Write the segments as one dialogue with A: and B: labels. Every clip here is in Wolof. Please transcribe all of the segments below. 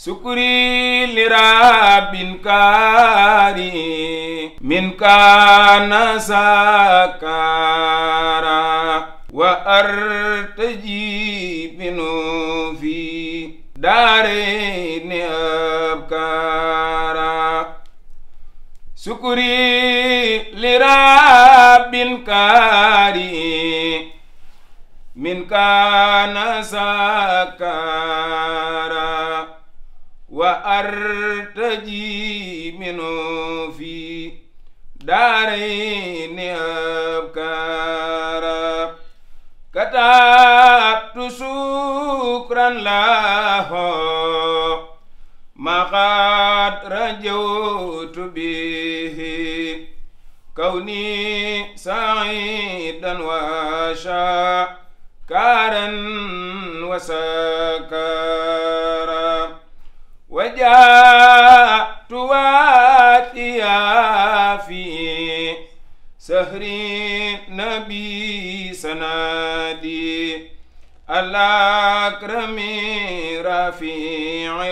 A: sukuri lirabin kaari min kaana saakaara wa artaji binu fi daarayni abkaara sukuri أرتجي منه في دارين أبكارا كتبت شكرا له ما قد رجوت به كوني سعيدا وشاكرا وسكارا وجاءت واتيا في سهري نبي سنادي الأكرم رفيع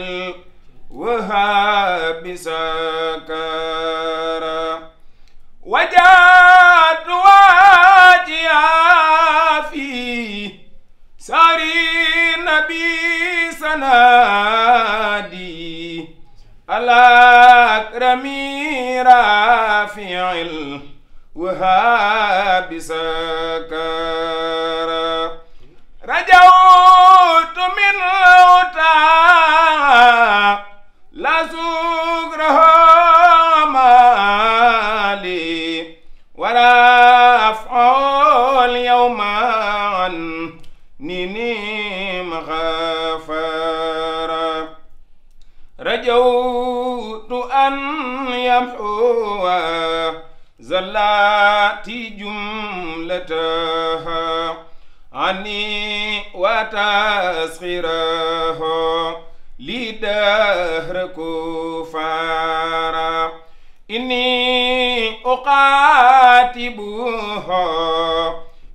A: الوهاب سكر وجاءت واتيا في سهري نبي سنادي على أكرم رافع الوهاب سكر رجوت من عطا لا سكره مالي ولا أفعل يوم عن نيني مغفر رجوت ومحوها زلات جملتها عني وتسخيرها لدهر كفارا إني أقاتبها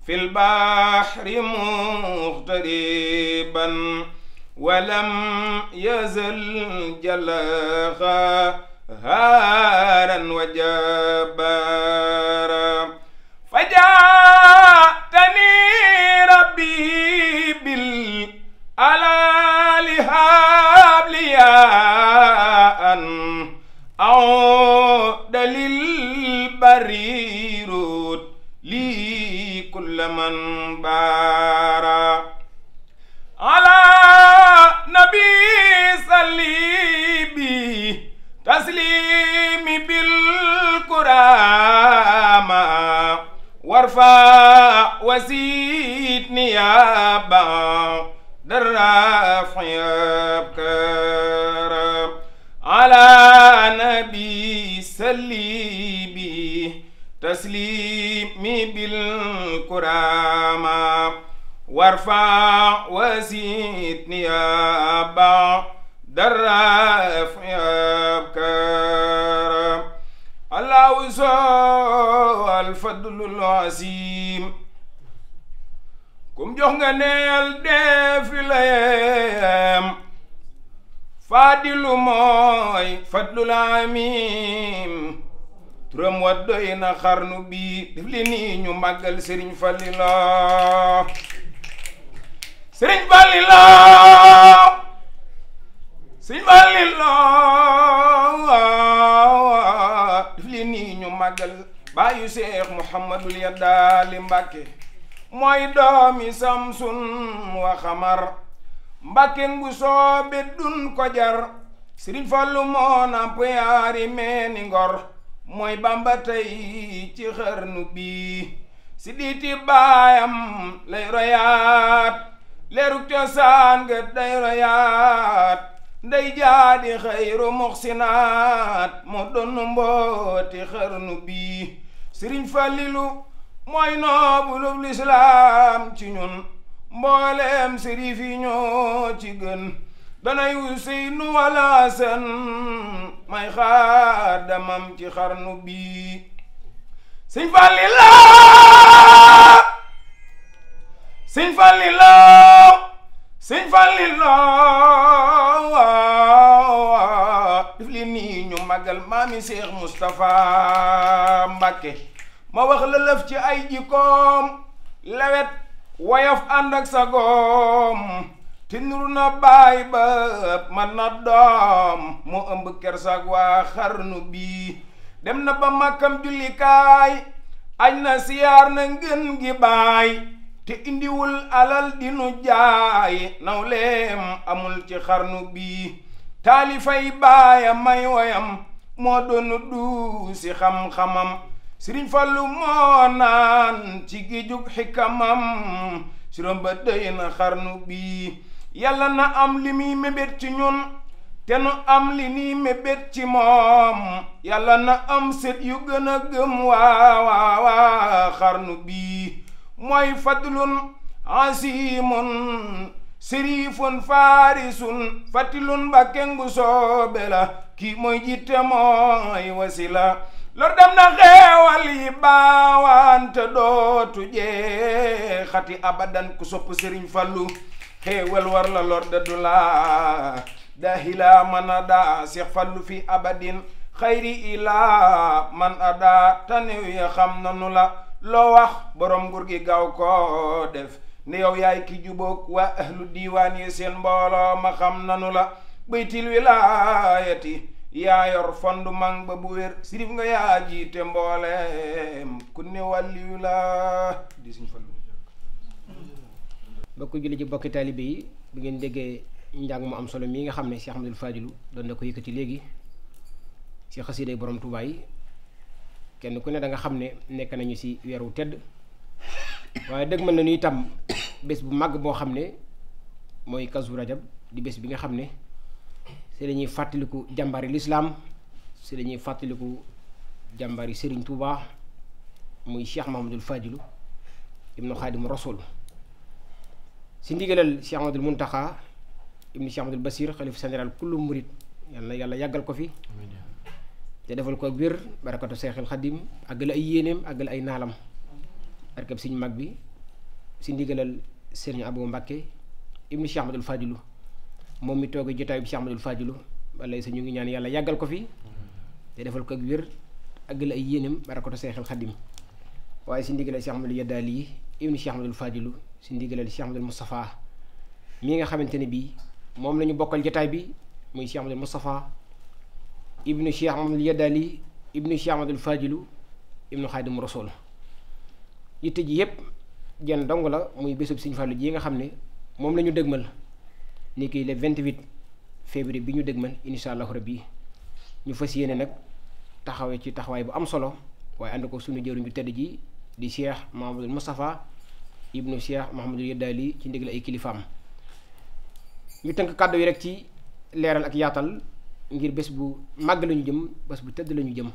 A: في البحر مغتربا ولم يزل جلغا هارا وجبارا فجاءتني ربي بالألال هاب لي أن أعود للبرير لي كل من بار التسليم بالكرامة وارفع وزيد نيابة درافع بكرم على نبي سليبي تسليم بالكرامة وارفع وزيد نيابة درافع soo alfadlul asiim kum jox nga neel deefi layam faadilu mooy fadlul amiim turam wa doy na xarnu bi def li nii ñu màggal sëriñ Fallilu sëriñ màggal bàyyu seex muhammadul yaddaali mbàkke mooy doomi samsun wa xamar mbàkke ngu soobe dun ko jar sëriñ moo namp yaari meeni ngor mooy bamba tey ci xarnu bii si diiti baayam lay royaat leerug cosaan nga day royaat ndey jaadi xayru muxsinaat mu donn mbooti xarnu bii sëriñ fàllilu mooy noobulub lislaam ci ñun mbooleem sërif yi ci gën danay useynu wala sen may xaadamam ci xarnu bii sëñ fàllila sëñ màggal maami Seex Moustapha Mbàkke ma wax la ci ay jikkoom lewet woyof ànd ak te nuru na baay ba man na doom mu ëmb kersak waa xarnu bii dem na ba màkkam jullikaay añ na siyaar na ngën gi baay te indiwul alal di nu jaay nawleem amul ci xarnu bii taalifay baaya may woyam moo doonu duusi xam-xamam sëriñ Fallu moo naan ci gi xikamam suram ba day xarnu bii yàlla na am li muy mébét ci ñun te nu am li mébét ci moom yàlla na am sët yu gën a gëm waa waa waa xarnu bii mooy fadlun asimun sirifun farisun fatilun bakken bu soobe la kii mooy jitte mooy wasila lor dem na xeewal yi baawante dootu jee abadan ku sopp sëriñ fallu xeewal war la lor da du la dahila man ada seex fallu fi abadin xayri ila man ada tanew ya xam nanu la loo wax borom nguur gi gaaw ko def ne yow yaay ki jubóog waa ahlu diiwaan yi seen mbooloo ma xam nanu la baytil wilaayati yaa yor fondu mang ba bu wér sirif nga yaa jiite mbooleem ku ne wàlliyu la di
B: bokk julli ci bokki taalibe yi bu ngeen déggee njàng mu am solo mii nga xam ne Cheikh Ahmadul Fadilu doon na ko yëkkati léegi ci xasiiday borom Tuubaa kenn ku ne danga xam ne nekk nañu ci weeru tëdd waaye dëgg mën nañu itam bés bu màgg boo xam ne mooy kazu rajab di bés bi nga xam ne si dañuy fàttaliku jàmbari lislaam si la fàttaliku jàmbari Serigne Touba muy Cheikh Mahamadul Fadilu ibnu Xaadimu Rasul si ndigalal Cheikh Mahamadul Muntaxa ibnu Cheikh Mahamadul Basir xalif général kullu murit yàlla yàggal ko fi te defal ko ak wér barakatu Seexil Xadim àggale ay yéeneem àggale ay naalam barkeb suñu mag bi si ndigalal sëriñ Abou Mbacké ibnu Cheikh Ahmadul Fadilu moom mi toog jotaay bi Cheikh Ahmadul Fadilu walla ñu ngi ñaan yàlla yàggal ko fi defal ko ak ay yéenam barakatu seexal xadim waaye si ndigalal Cheikh Ahmadul Yaddaali yi ibnu Cheikh Ahmadul Fadilu si ndigalal nga xamante ne bii moom la ñu bokkal jotaay bi muy Cheikh Ahmadul Moustapha ibnu Cheikh Ahmadul Yaddaali ibnu Cheikh Ahmadul Fadilu ibnu Xaadim Rasul yitte ji yëpp jenn dong la muy bésub Sëriñ Fàllu ji nga xam ne moom la ñu dëgmal ni kii vingt 28 février bi ñu dëgmal incha allahu rabbi ñu fas yéene nag taxawee ci taxawaay bu am solo waaye ànd ko suñu jëruñ ju tedd ji di Cheikh Mahamadul Moustapha ibnu Cheikh Mahamadul Yaddaali ci ndigal ay kilifaam ñu tënk kàddu yi rek ci leeral ak yaatal ngir bés bu màgg la jëm bés bu tëdd lañu jëm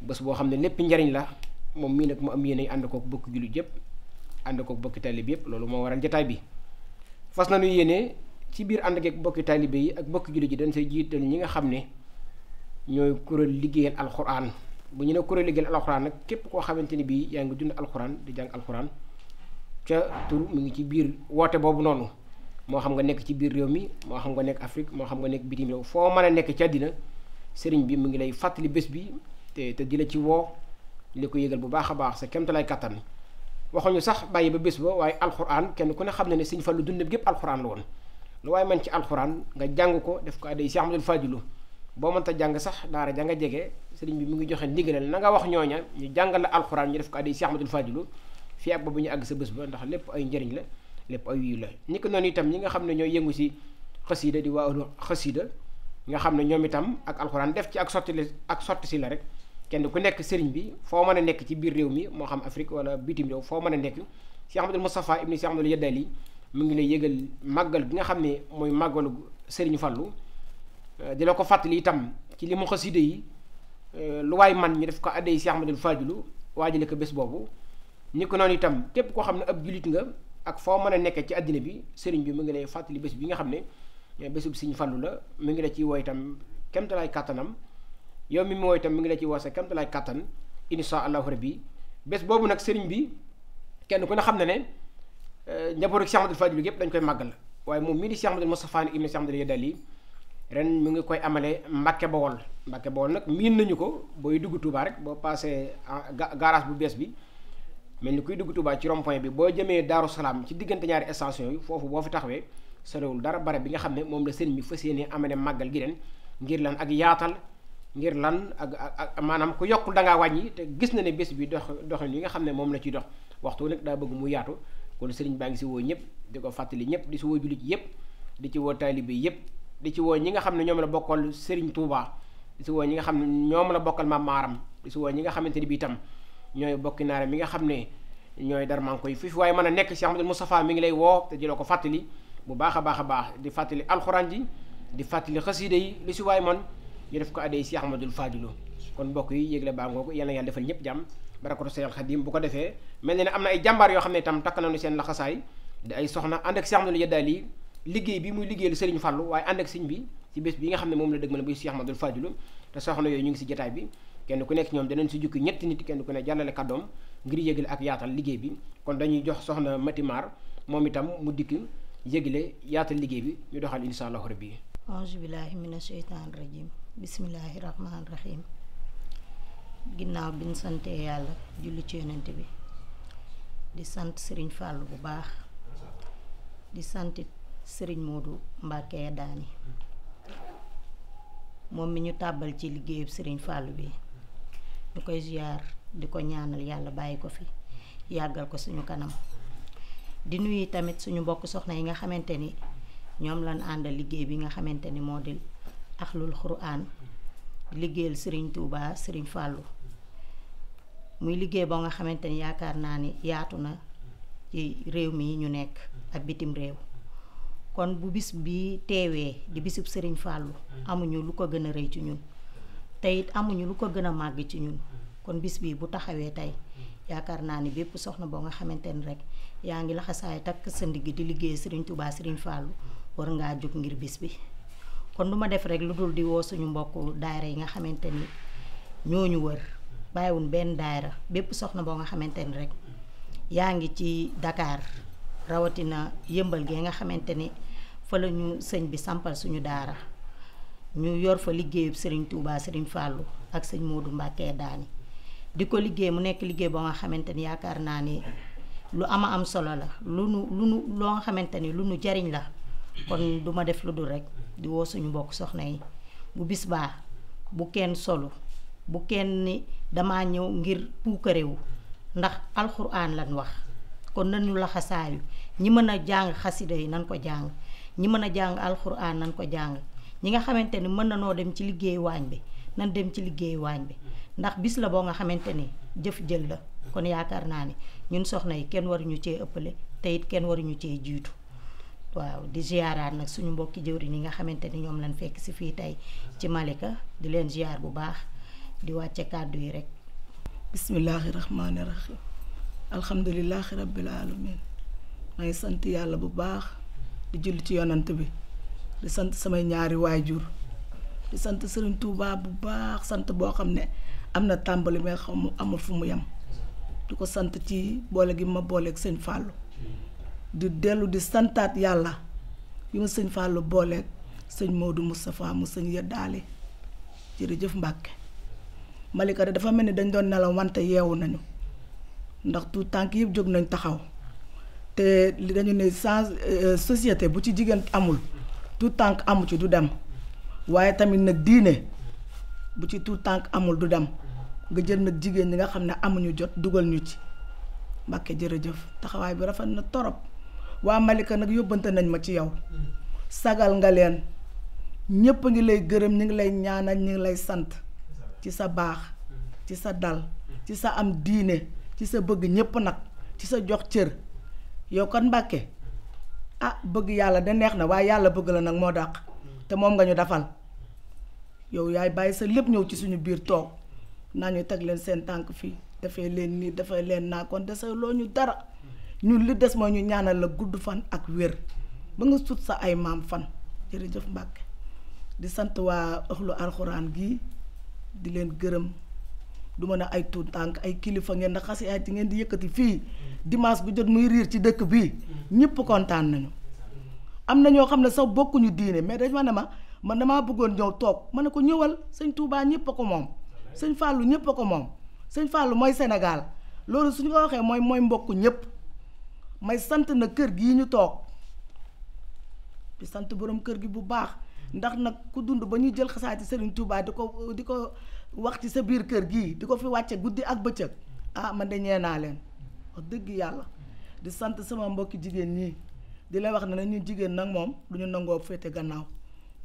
B: bés boo xam ne lépp njariñ la moom mii nag mu am yéen ay ànd kook bokk jullit yépp ànd kook bokki taalib yëpp loolu moo waral jataay bi fas na nu yéene ci biir ànd geeg bokki taalibe yi ak bokki jullit yi dañ say jiital ñi nga xam ne ñooy kuréel liggéeyal alxuraan bu ñu ne kuréel liggéeyal alxuraan nag képp koo xamante ni bii yaa ngi dund alxuraan di jàng alxuraan ca tur mu ngi ci biir woote boobu noonu moo xam nga nekk ci biir réew mi moo xam nga nekk Afrique moo xam nga nekk bitim réew foo mën a nekk ci àddina sëriñ bi mu ngi lay fàttali bés bi te di la ci woo li ko yëgal bu baax a baax sa kéemtalaay kattan waxuñu sax bàyyi ba bés ba waaye alxuraan kenn ku ne xam na ne Sëñ Fallu dund gépp alxuraan la woon lu waaye man ci alxuraan nga jàng ko def ko adday si Ahmadul Fadilu boo mënta jàng sax daara ja nga jege sëriñ bi mu ngi joxe ndigalal na nga wax ñooña ñu jàngal la alxuraan ñu def ko adday si Ahmadul Fadilu fii ak ba bu ñu àgg sa bés ba ndax lépp ay njëriñ la lépp ay wiyu la ni ko noonu itam ñi nga xam ne ñooy yëngu si xasiida di waa xasiida nga xam ne ñoom itam ak alxuraan def ci ak sotti ak sotti si la rek kenn ku nekk sëriñ bi foo mën a nekk ci biir réew mi moo xam Afrique wala bitim réew foo mën a nekk Cheikh Ahmadul Moustapha ibni Cheikh Ahmadul Yadali mu ngi lay yëgal màggal gi nga xam ne mooy màggalu sëriñ Fallou euh, di la ko fàttali itam ci li mu xasida yi euh, lu man ñu def ko addee Cheikh Ahmadul Fadilu waajale ko bés boobu ni ko itam képp koo xam ne ab julit nga ak foo mën a nekkee ci àddina bi sëriñ bi mu ngi lay fàttali bés bi nga xam ne euh, bésub sëriñ fallu la mu ngi la ci woo itam kemtalaay kàttanam yow mi mooy itam mi ngi la ci woo sa kamtalaay kàttan insha allahu rabbi bés boobu nag sëriñ bi kenn ku ne xam ne ne eh, njabootu Cheikh Ahmadou Fadilou yëpp dañ koy màggal waaye moom mii di Cheikh Ahmadou Moustapha ibn Cheikh Ahmadou Yadali ren mu ngi koy amale Mbacke Bawol Mbacke Bawol nag miin nañu ko booy dugg Touba rek boo passé ah, garage bu bees bi mel kuy dugg ci rond bi boo jëmee Daaru Salaam ci diggante ñaari station yi foofu boo fi taxawee sorewul dara bare bi nga xam ne moom la sëriñ bi fas yéene amale màggal gi ren ngir lan ak yaatal ngir lan ak ak maanaam ku yokk da ngaa wàññi te gis na ne bés bi dox doxin yi nga xam ne moom la ciy dox waxtu nag daa bëgg mu yaatu kon sëriñ baa ngi si woo ñëpp di ko fàttali ñëpp di si woo jullit yëpp di ci woo taalibe yëpp di ci woo ñi nga xam ne ñoom la bokkal sëriñ Touba di si woo ñi nga xam ne ñoom la bokkal maam Maaram di si woo ñi nga xamante ni bii tam ñooy bokki naare mi nga xam ne ñooy darmanko yi fii waaye mën a nekk si Ahmadul Moustapha mu ngi lay woo te jëloo ko fàttali bu baax a baax a baax di fàttali alxuraan ji di fàttali xasiida yi li si man ñu def ko adday si Ahmadul Fadilou kon mbokk yi yégle baa ngoo ko yal na yàlla defal ñëpp jàmm barakatu Seexul Xadim bu ko defee mel ne ne am na ay jàmbaar yoo xam ne itam takk nañu seen laxasaay di ay soxna ànd ak Seex Ahmadul Yadaal yi liggéey bi muy liggéey liggéeyal Sëriñ Fàllu waaye ànd ak sëñ bi ci bés bi nga xam ne moom la dëgmal bu Seex Ahmadul Fadilou te soxna yooyu ñu ngi si jataay bi kenn ku nekk ñoom danañ si jukki ñetti nit kenn ku ne jàllale kàddoom ngir yaatal liggéey bi kon dañuy jox soxna Matimar moom itam mu dikk yégle yaatal liggéey bi ñu doxal insha allahu rabbi
C: auzu billahi mina sheytaani rajim bismillaahi rahmaan rahim ginnaaw bi ñu sante yàlla julli ci yonent bi di sant sëriñ Fàllu bu baax di santit sëriñ Moodu Mbàkke daani moom mi ñu tàbbal ci liggéeyub sëriñ Fàllu bi ñu koy ziyaar di ko ñaanal yàlla bàyyi ko fi yàggal ko suñu kanam di nuyu tamit suñu mbokk soxna yi nga xamante ni ñoom lan àndal liggéey bi nga xamante ni moo di axlul xuraan liggéeyal sëriñ Touba sëriñ Fàllu muy liggéey boo nga xamante ni yaakaar naa ni yaatu na ci réew mi ñu nekk ak bitim réew kon bu bis bi teewee di bisub sëriñ Fàllu amuñu lu ko gën a rëy ci ñun te it amuñu lu ko gën a màgg ci ñun kon bis bii bu taxawee tey yaakaar naa ni bépp soxna boo nga xamante ni rek yaa ngi laxasaay takk sa ndigg di liggéey sëriñ Touba sëriñ Fàllu war ngaa jóg ngir bis bi kon du ma def rek lu dul di woo suñu mbokku daayira yi nga xamante ni ñooñu wër bàyyiwul benn daayira bépp soxna boo nga xamante ni rek yaa ngi ci dakaar rawatina yëmbal gee nga xamante ni fa la sëñ bi sampal suñu daara ñu yor fa liggéeyub sëriñ Touba sëriñ Fallou ak sëñ Modou Mbacké daani di ko liggéey mu nekk liggéey boo nga xamante ni yaakaar naa ni lu ama am solo la lu lu nu loo nga xamante ni lu nu jariñ la kon duma def lu dul rekk di woo suñu mbokk soxna yi bu bis baa bu kenn solu bu kenn ni damaa ñëw ngir puukarewu ndax alxuraan lan wax kon nañu laxasaayu ñi mën a jàng xasida yi nan ko jàng ñi mën a jàng alxuraan nan ko jàng ñi nga xamante ni mën na noo dem ci liggéey waañ bi nan dem ci liggéey waañ bi ndax bis la boo nga xamante ni jëf jël la kon yaakaar naa ni ñun soxna yi kenn waruñu cee ëppale te it kenn waruñu ci jiitu waaw di ziaraat nag suñu mbokki jëwriñ yi nga xamante ni ñoom lañ fekk si fii tey ci Malika di leen ziar bu baax di wàcce kàddu
D: yi rek bismillaahi rahmaani rahim alhamdulilahi rabbil alamin maa ngi sant yàlla bu baax di julli ci yonant bi di sant samay ñaari waajur di sant Sëriñ tuubaab bu baax sant boo xam ne am na tàmbali mais xaw mu amul fu mu yem di ko sant ci boole gi ma booleeg Sëñ Fàllu di dellu di santaat yàlla bi ma sëñ Fallou booleeg sëñ moodu Moustapha mu sëñ Yeddaale jërëjëf Mbàkke Malika de dafa mel ni dañ doon nelaw wante yeewu nañu ndax tout tànk yëpp jóg nañ taxaw te li dañu ne sans euh, société bu ci jigéen amul tout tànk amu ci du dem waaye tamit nag diine bu ci tout tànk amul du dem nga jël nag jigéen ñi nga xam ne amuñu jot dugal ñu ci Mbàkke jërëjëf taxawaay bi rafet na torop waa Malika nag yóbbante nañ ma ci yow sagal nga leen ñépp ngi lay gërëm ñu ngi lay ñaanal ñu lay sant ci sa baax ci sa dal ci sa am diine ci sa bëgg ñépp nag ci sa jox cër yow kon Mbàkke ah bëgg yàlla da neex na waaye yàlla bëgg la nag moo dàq te moom nga ñu defal yow yaay bàyyi sa lépp ñëw ci suñu biir toog naa ñu teg leen seen tànk fii dafay leen nii dafay leen naa kon dese loo ñu dara ñun li des mooy ñu ñaanal la gudd fan ak wér ba nga sut sa ay maam fan jërëjëf Mbàkke di sant waa ëxlu alxuraan gi di leen gërëm du ma ne ay tuut tànk ay kilifa ngeen da xasi ay ci ngeen di yëkkati fii dimanche bu jot muy riir ci dëkk bi ñëpp kontaan nañu am na ñoo xam ne sax bokkuñu diine mais dañ ma ne ma man damaa bëggoon ñëw toog ma ne ko ñëwal sëñ Touba ñëpp a ko moom sëñ Fallou ñëpp a ko moom sëñ Fallou mooy Sénégal loolu suñu ko waxee mooy mooy mbokku ñëpp may sant na kër gi ñu toog di sant boroom kër gi bu baax ndax nag ku dund ba ñuy jël xasaati Serigne Touba di ko di ko wax ci sa biir kër gi di ko fi wàcce guddi ak bëccëg ah man de ñee naa leen wax dëgg yàlla di sant sama mbokki jigéen ñi di la wax ne ñu jigéen nag moom du ñu nangoo féete gannaaw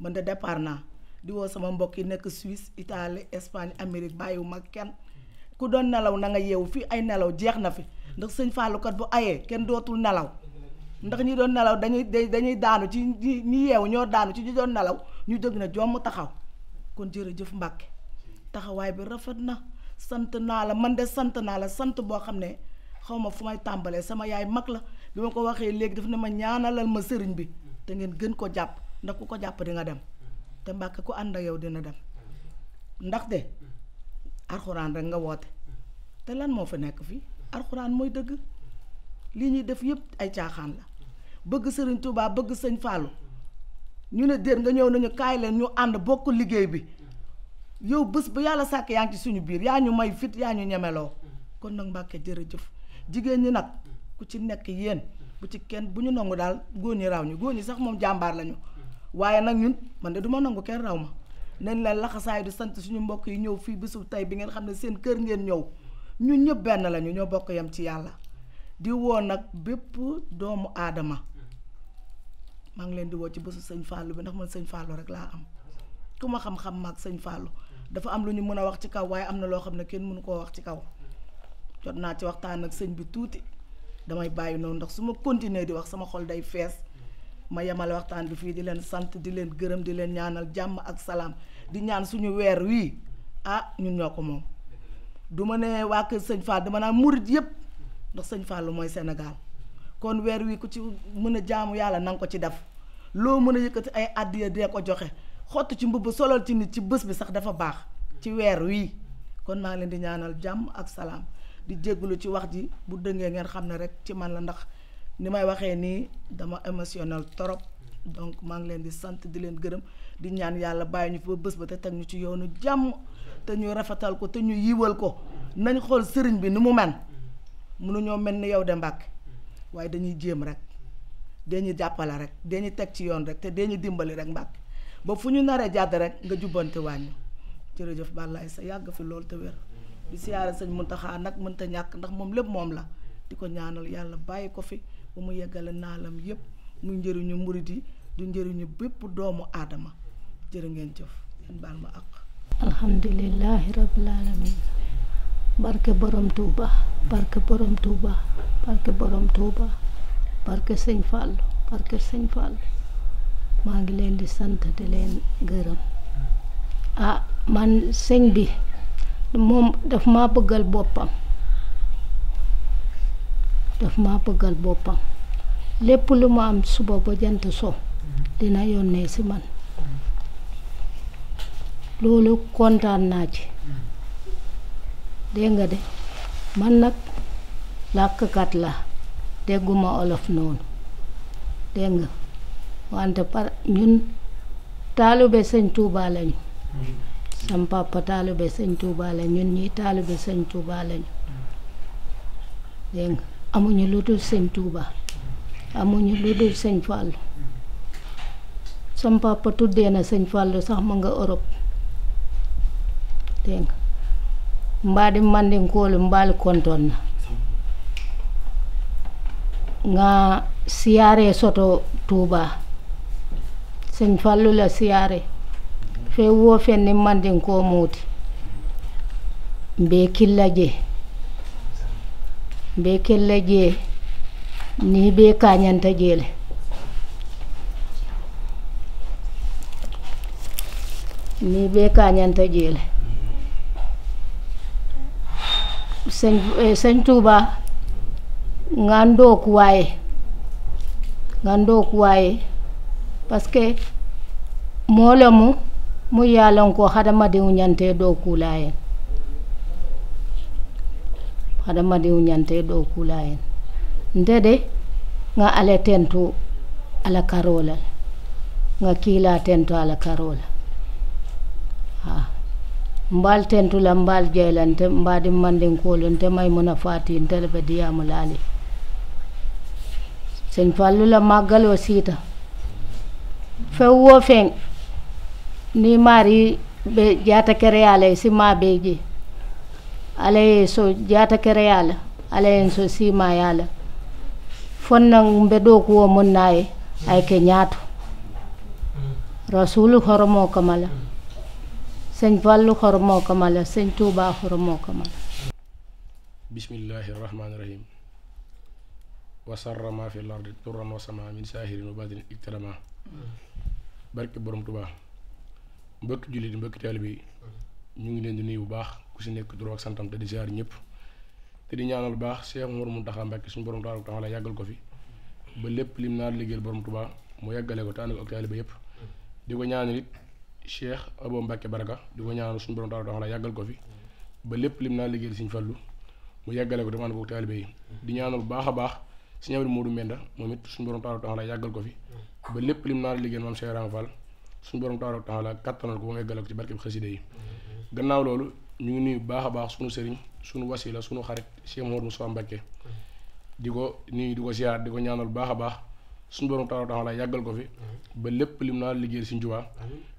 D: mën de départ naa di woo sama mbokk yi nekk Suisse Italie Espagne Amérique bàyyiwu mag kenn ku doon nelaw na nga yeewu fii ay nelaw jeex na fi. ndax sëñ Fallou bu ayee kenn dootul nelaw ndax ñi doon nelaw dañuy dañuy daanu ci ñi ñi yeewu ñoo daanu ci ñu doon nelaw ñu jóg na jomm taxaw kon jërëjëf Mbàkke taxawaay bi rafet na sant naa la man de sant naa la sant boo xam ne xaw ma fu may tàmbalee sama yaay mag la bi ma ko waxee léegi daf ne ma ñaanalal ma sëriñ bi te ngeen gën ko jàpp ndax ku ko jàpp di dem te Mbàkke ku ànd ak yow dina dem ndax de alxuraan rekk nga woote te lan moo fa nekk fii. alxuraan mooy dëgg lii ñuy def yépp ay caaxaan la bëgg sëriñ Touba bëgg sëñ Fallou ñu ne déet nga ñëw nañu kaay leen ñu ànd bokk liggéey bi yow bés bu yàlla sàkk yaa ngi ci suñu biir yaa ñu may fit yaa ñu ñemeloo kon nag Mbàkke jërëjëf jigéen ñi nag ku ci nekk yéen bu ci kenn bu ñu nangu daal góor ñi raw ñu góor ñi sax moom jàmbaar lañu waaye nag ñun man de du ma nangu kenn raw ma nañ leen laxasaay du sant suñu mbokk yi ñëw fii bésu tey bi ngeen xam ne seen kër ngeen ñëw ñu ñëpp benn lañu ñoo bokk yam ci yàlla di woo nag bépp doomu aadama maa ngi leen di woo ci bésu sëñ Fallou bi ndax man sëñ Fallou rek laa am ku ma xam-xam maag sëñ Fallou dafa am lu ñu mën a wax ci kaw waaye am na loo xam ne kenn mënu koo wax ci kaw jot naa ci waxtaan ak sëñ bi tuuti damay bàyyi noonu ndax su ma continuer di wax sama xol day fees ma yemale waxtaan bi fii di leen sant di leen gërëm di leen ñaanal jàmm ak salaam di ñaan suñu weer wii ah ñun ñoo ko moom. du ma ne waa sëñ Fall dama naa murit yëpp ndax sëñ Fall mooy Sénégal kon weer wi ku ci mën a jaamu yàlla na nga ko ci def loo mën a yëkkati ay àddiya dee ko joxe xott ci mbubb solal ci nit ci bés bi sax dafa baax ci weer wi kon naa leen di ñaanal jàmm ak salaam di jégalu ci wax ji bu dëngee ngeen xam ne rek ci man la ndax ni may waxee nii dama émotionnel torop donc maa ngi leen di sant di leen gërëm di ñaan yàlla bàyyi ñu fa bës ba te teg ñu ci yoonu jàmm te ñu rafetal ko te ñu yiwal ko nañ xool sëriñ bi ni mu mel mënuñoo mel ni yow de Mbàkke waaye dañuy jéem rek dañuy jàppale rek dañuy teg ci yoon rek te dañuy dimbali rek Mbàkke ba fu ñu naree jàdd rek nga jubbante wàññi jërëjëf Balla sa yàgg fi loolu te wér di siyaare sëñ Muntaxa nag mënta ñàkk ndax moom lépp moom la di ko ñaanal yàlla bàyyi ko fi mu yeggale naalam yépp muy njëriñu murit yi du njëriñu bépp doomu aadama jërë ngeen jëf ngeen baal ma àq
E: alhamdulilahi rabbil alamin barke borom tuuba barke borom tuuba barke borom tuuba barke sëñ Fallou maa ngi leen di sant di leen gërëm ah man sëñ bi moom daf maa bëggal boppam daf maa bëggal boppam lépp lu ma am suba ba jant so dina yónnee ci man loolu kontaan naa ci dégg nga de man nag làkkat la dégguma olof noonu dégg nga wante par ñun taalibe sëñ Tuuba lañu sam papa taalibe sëñ Tuuba la ñun ñii taalibe sëñ Tuuba lañu dégg nga amuñu lu dul sëñ Tuuba amuñu lu dul sëñ Fàllu sama papa tuddee na sëñ Fallou sax ma nga Europe dégg nga mbaadi mandinkoolu kontoon na nga siyaaree soto Touba sëñ Fallou la siyaare fe wo fenni mandinkoo muuti mbe killa je mbe killa je ni be kañanta jeele ni bee kaañanta jeele sëñ eh, sëñ nga ndookuwaaye nga ndookuwaaye parce que moo le mu mu yaalan ko hadamadiŋo ñante dookulayen hadamadiŋo ñante dookulayen nga ala tentu ala nga kiila tentu ala ha ah. mbal tentula mbal jeylante mbadi manden kolonte maymuna fatintele ɓe diyamu laali sen fallula maggal o siita few wo feŋ ni maari ɓe jata kereyala e sima ɓeji ala ye so jata kereyala ala hen so simayala fonnan ɓe ɗo kuwo mun naye ay ke ñaato hmm. rasulu horomo kamala mm. sëñ Fàllu xor moo ko mala sëñ Tuubaa xor moo ko
F: mala bismillaahi rahmaani rahiim wasarra maa fi borom Tuubaa mbokki jullit yi mbokki yi ñu ngi leen di nuyu bu baax ku si nekk duró ak santam te di ziar ñëpp te di ñaanal bu baax Cheikh Mor Mountakha Mbacké suñu borom tabaaraka taala yàggal ko fi ba lépp lim naa liggéeyal borom Tuubaa mu yàggale ko te ànd ak taalibe yëpp di ko ñaanal it Cheikh Abo Mbacke Baraka di ko ñaanal suñu borom taala la yàggal ko fi ba lépp lim naa liggéeyal Sëriñ mu yàggale ko dama ànd ko taalibe yi di ñaanal bu a baax Sëriñ Abdou Modou Mbenda moom it suñu borom taala la yàggal ko fi ba lépp lim naa liggéeyal maam Cheikh Ibrahima Fall suñu borom taala la kattanal ko ba mu yàggale ñu ngi nuyu bu baax a baax suñu sëriñ suñu wasila suñu xarit Cheikh Mouhamadou Moussa Mbacke di ko nuyu di ko ziar di ko ñaanal bu baax a baax suñu borom taala la yàggal ko fi ba lépp lim naa liggéeyal Sëriñ Tuubaa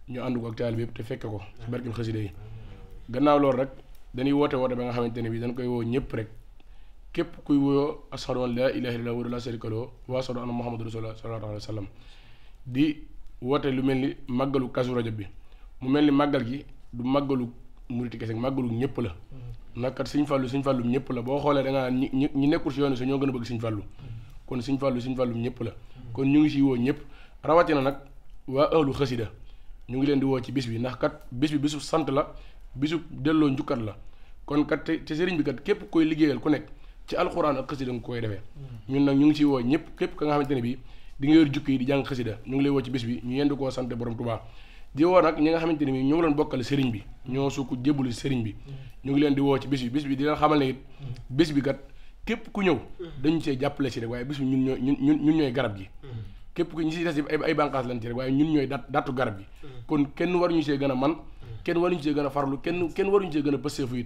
F: ñu ànd ko ak taalibe yëpp te fekke ko ci barkeb xasida yi gannaaw loolu rek dañuy woote woote ba nga xamante ne bi dañ koy woo ñëpp rek képp kuy wuyoo ashadu an laa ilaaha illallaah wahdahu laa shariika lahu wa ashadu anna muhammadan rasuulullaah sallallaahu alayhi wa sallam di woote lu mel ni màggalu kasu rajab bi mu mel ni màggal gi du màggalu murit kese màggalu ñëpp la nag kat Sëñ Fallu Sëñ Fallu ñëpp la boo xoolee da nga naan ñi ñi nekkul si yoon si ñoo gën a bëgg Sëñ Fallu kon Sëñ Fallu Sëñ Fallu ñëpp la kon ñu ngi siy woo ñëpp rawatina nag waa ahlu xasida ñu ngi leen di woo ci bis bi ndax kat bis bi bisu sant la bisu delloo njukkat la kon kat te sëriñ bi kat képp koy liggéeyal ku nekk ci alxuraan ak xasida nga koy defee hmm. ñun nag ñu ngi ci woo ñëpp képp ka nga xamante ne bi di nga yor jukki yi di jàng xasida ñu ngi lay woo ci bis bi ñu yendu koo sant borom Tuubaa di woo nag ñi nga xamante ne bi ñoo leen bokkal sëriñ bi hmm. ñoo sukk jébbalu sëriñ bi hmm. ñu ngi leen di woo ci bis bi bis bi di leen xamal ne it bis bi kat képp ku ñëw dañu see jàppale si rek waaye bis bi ñun ñooy ñun ñun ñooy garab gi képp ku ñu si des ay bànqaas lañ ci rek waaye ñun ñooy dat dattu garab bi kon kenn waruñu see gën a man kenn waruñu see gën a farlu kenn kenn waruñu see gën a pëstee fu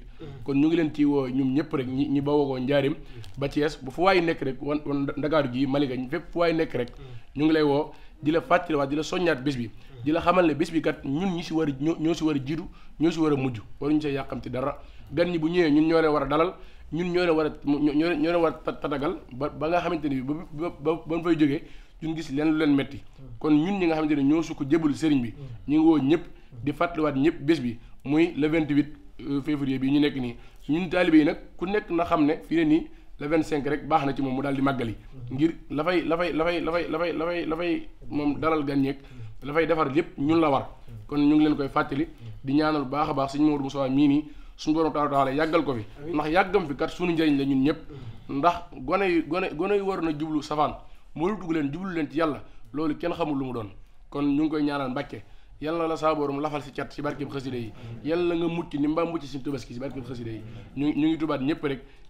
F: kon ñu ngi leen ci woo ñoom ñëpp rek ñi ñi bawoo ko njaarim ba Thiès bu fu waay nekk rek wan wan Ndakaaru gii Malika fépp fu waay nekk rek ñu ngi lay woo di la fàttaliwaat di la soññaat bés bi di la xamal ne bés bi kat ñun ñu si war a ñoo si war a jiitu ñoo si war a mujj waruñu see yàqamti dara gan ñi bu ñëwee ñun ñoo leen war a dalal ñun ñoo leen war a ñoo leen war a tatagal ba ba nga xamante ni bi ba ba ba fay duñ gis leen lu leen metti kon ñun ñi nga xamante ne ñoo sukk jébul sëriñ bi ñu ngi woo ñëpp di fàttaliwaat ñëpp bés bi muy le 28 euh, février bii ñu nekk nii ñun taalibe yi nag ku nekk na xam ne fii ne nii le 25 rek baax na ci moom mu daal di màggali ngir la fay la fay la fay la fay la fay la fay moom dalal gan ñeeg la defar lépp ñun la war kon ñu ngi leen koy fàttali di ñaanal baax a baax suñu Maodo Moussa mii nii suñu borom taala yàggal ko fi ndax yàggam fi kat suñu njëriñ la ñun ñëpp ndax gone yu gone gone yu war na jublu safaan mooy dugg leen jublu leen ci yàlla loolu kenn xamul lu mu doon kon ñu ngi koy ñaanal mbàkke yàlla la saa boroom lafal si cat si barkeb xasida yi nga mucc ni mbaa mucc si si barkeb xasida yi ñu ñu ngi tubaat ñëpp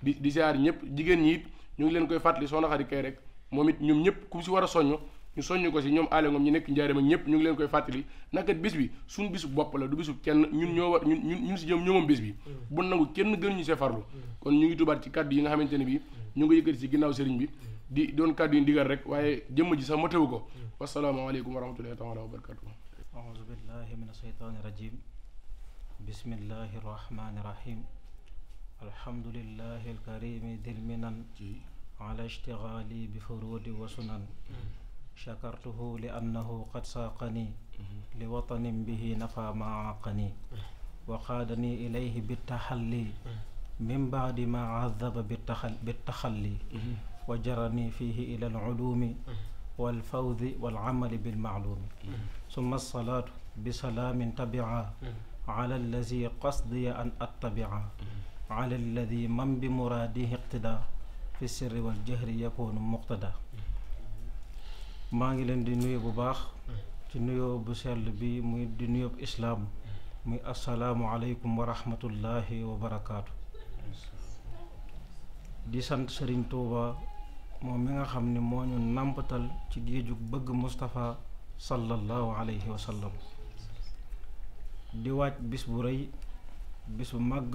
F: ñëpp jigéen ñi ñu ngi leen koy fàttali soxna Xadi Kay rek moom it ñoom ñëpp ku si a soññ ñu soññ ko si ñoom aale ngoom ñi nekk njaareem ak ñu ngi leen koy fàttali nakat bis bi suñ bisu bopp bisu kenn ñun ñoo ñun ñun ñun si ñoom ñoomam bis bi mm. bu nangu kenn gën ñu see farlu mm. kon ñu ngi tubaat ci kàddu yi nga xamante ne bi ñu ngi yëkkati si ginnaaw sëriñ bi di doon kàddu yu rek waaye jëmm ji sax ma teew ko wasalaamaaleykum wa rahmatullahi taala wa barakatu aouzu
G: billahi min asheytaani rajim bismillahi rahmani rahim alhamdulillahi alkarimi dilminan ala ishtigali bi furudi wa sunan shakartuhu li annahu qad saaqani ma aaqani wa qaadani ilayhi mhm. min baadi ma azaba wa jarani fihi ila alulumi walfawdi walamali bilmaalumi summa alsalaatu bisalaamin tabia ala allazi qasdiya an attabia ala allazi man bi muraadihi iqtida fi sirri wal jahri yakunu muqtada maa ngi leen di nuyu bu baax ci nuyoo bu sell bi muy di nuyoo islaam muy asalaamualeykum wa rahmatullahi wa barakaatu di sant Sëriñ Tuuba moom mi nga xam ne moo ñu nàmpatal ci géeju bëgg Moustapha sallallahu alayhi wa sallam di waaj bis bu rëy bis bu màgg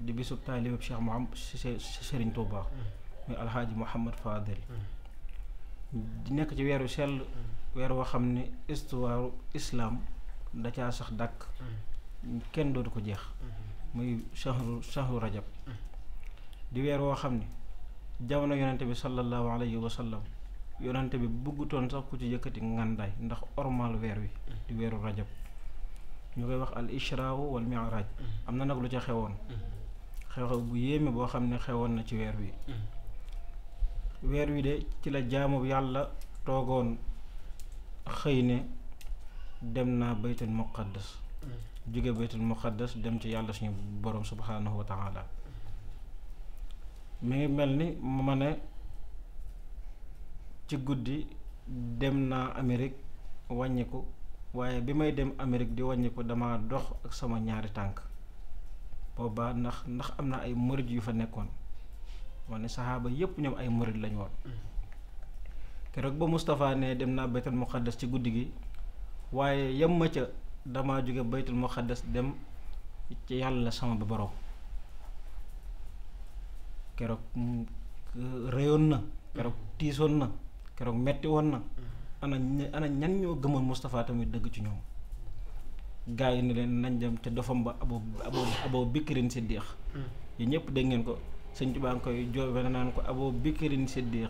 G: di bisub taalibab Cheikh Mouhamad si Serigne Touba muy alxaaji Mouhamad Fadel di nekk ci weeru sell weer woo xam ne istuwaaru islaam da ca sax dàkk kenn dootu ko jeex muy shahru shahru rajab di weer woo xam ne jamono yonente bi sallallahu alayhi wa sallam yonente bi bëggutoon sax ku ci yëkkati ngàndaay ndax ormal weer wi di weeru rajab ñu koy wax al ishraawu wal mi'raaj am na nag lu ca xewoon xew-xew bu yéeme boo xam ne xewoon na ci weer wi weer wi de ci la jaamu yàlla toogoon xëy ne dem naa baytul muqaddas jóge baytul muqaddas dem ci yàlla suñu borom subhaanahu wa mi ngi mel ni ma ne ci guddi dem naa Amérique wàññiku waaye bi may dem Amérique di wàññiku dama dox ak sama ñaari tànk booba ndax ndax am na ay murid yu fa nekkoon ma ne saxaaba yépp ñoom ay murid lañu woon keroog ba Moustapha ne dem naa baytul muqaddas ci guddi gi waaye yem ca dama jóge baytul muqaddas dem ci yàlla sama ba keroog mm, réyoon na keroog tiisoon na keroog metti woon na ana ana ñan ñoo gëmoon Moustapha tamit dëgg ci ñoom gars yi ne leen nañ dem te dofam ba abo abo abo yi ñëpp dégg ngeen ko sëñ Tuubaa ngi koy joobe naan ko abo bikkirin si diix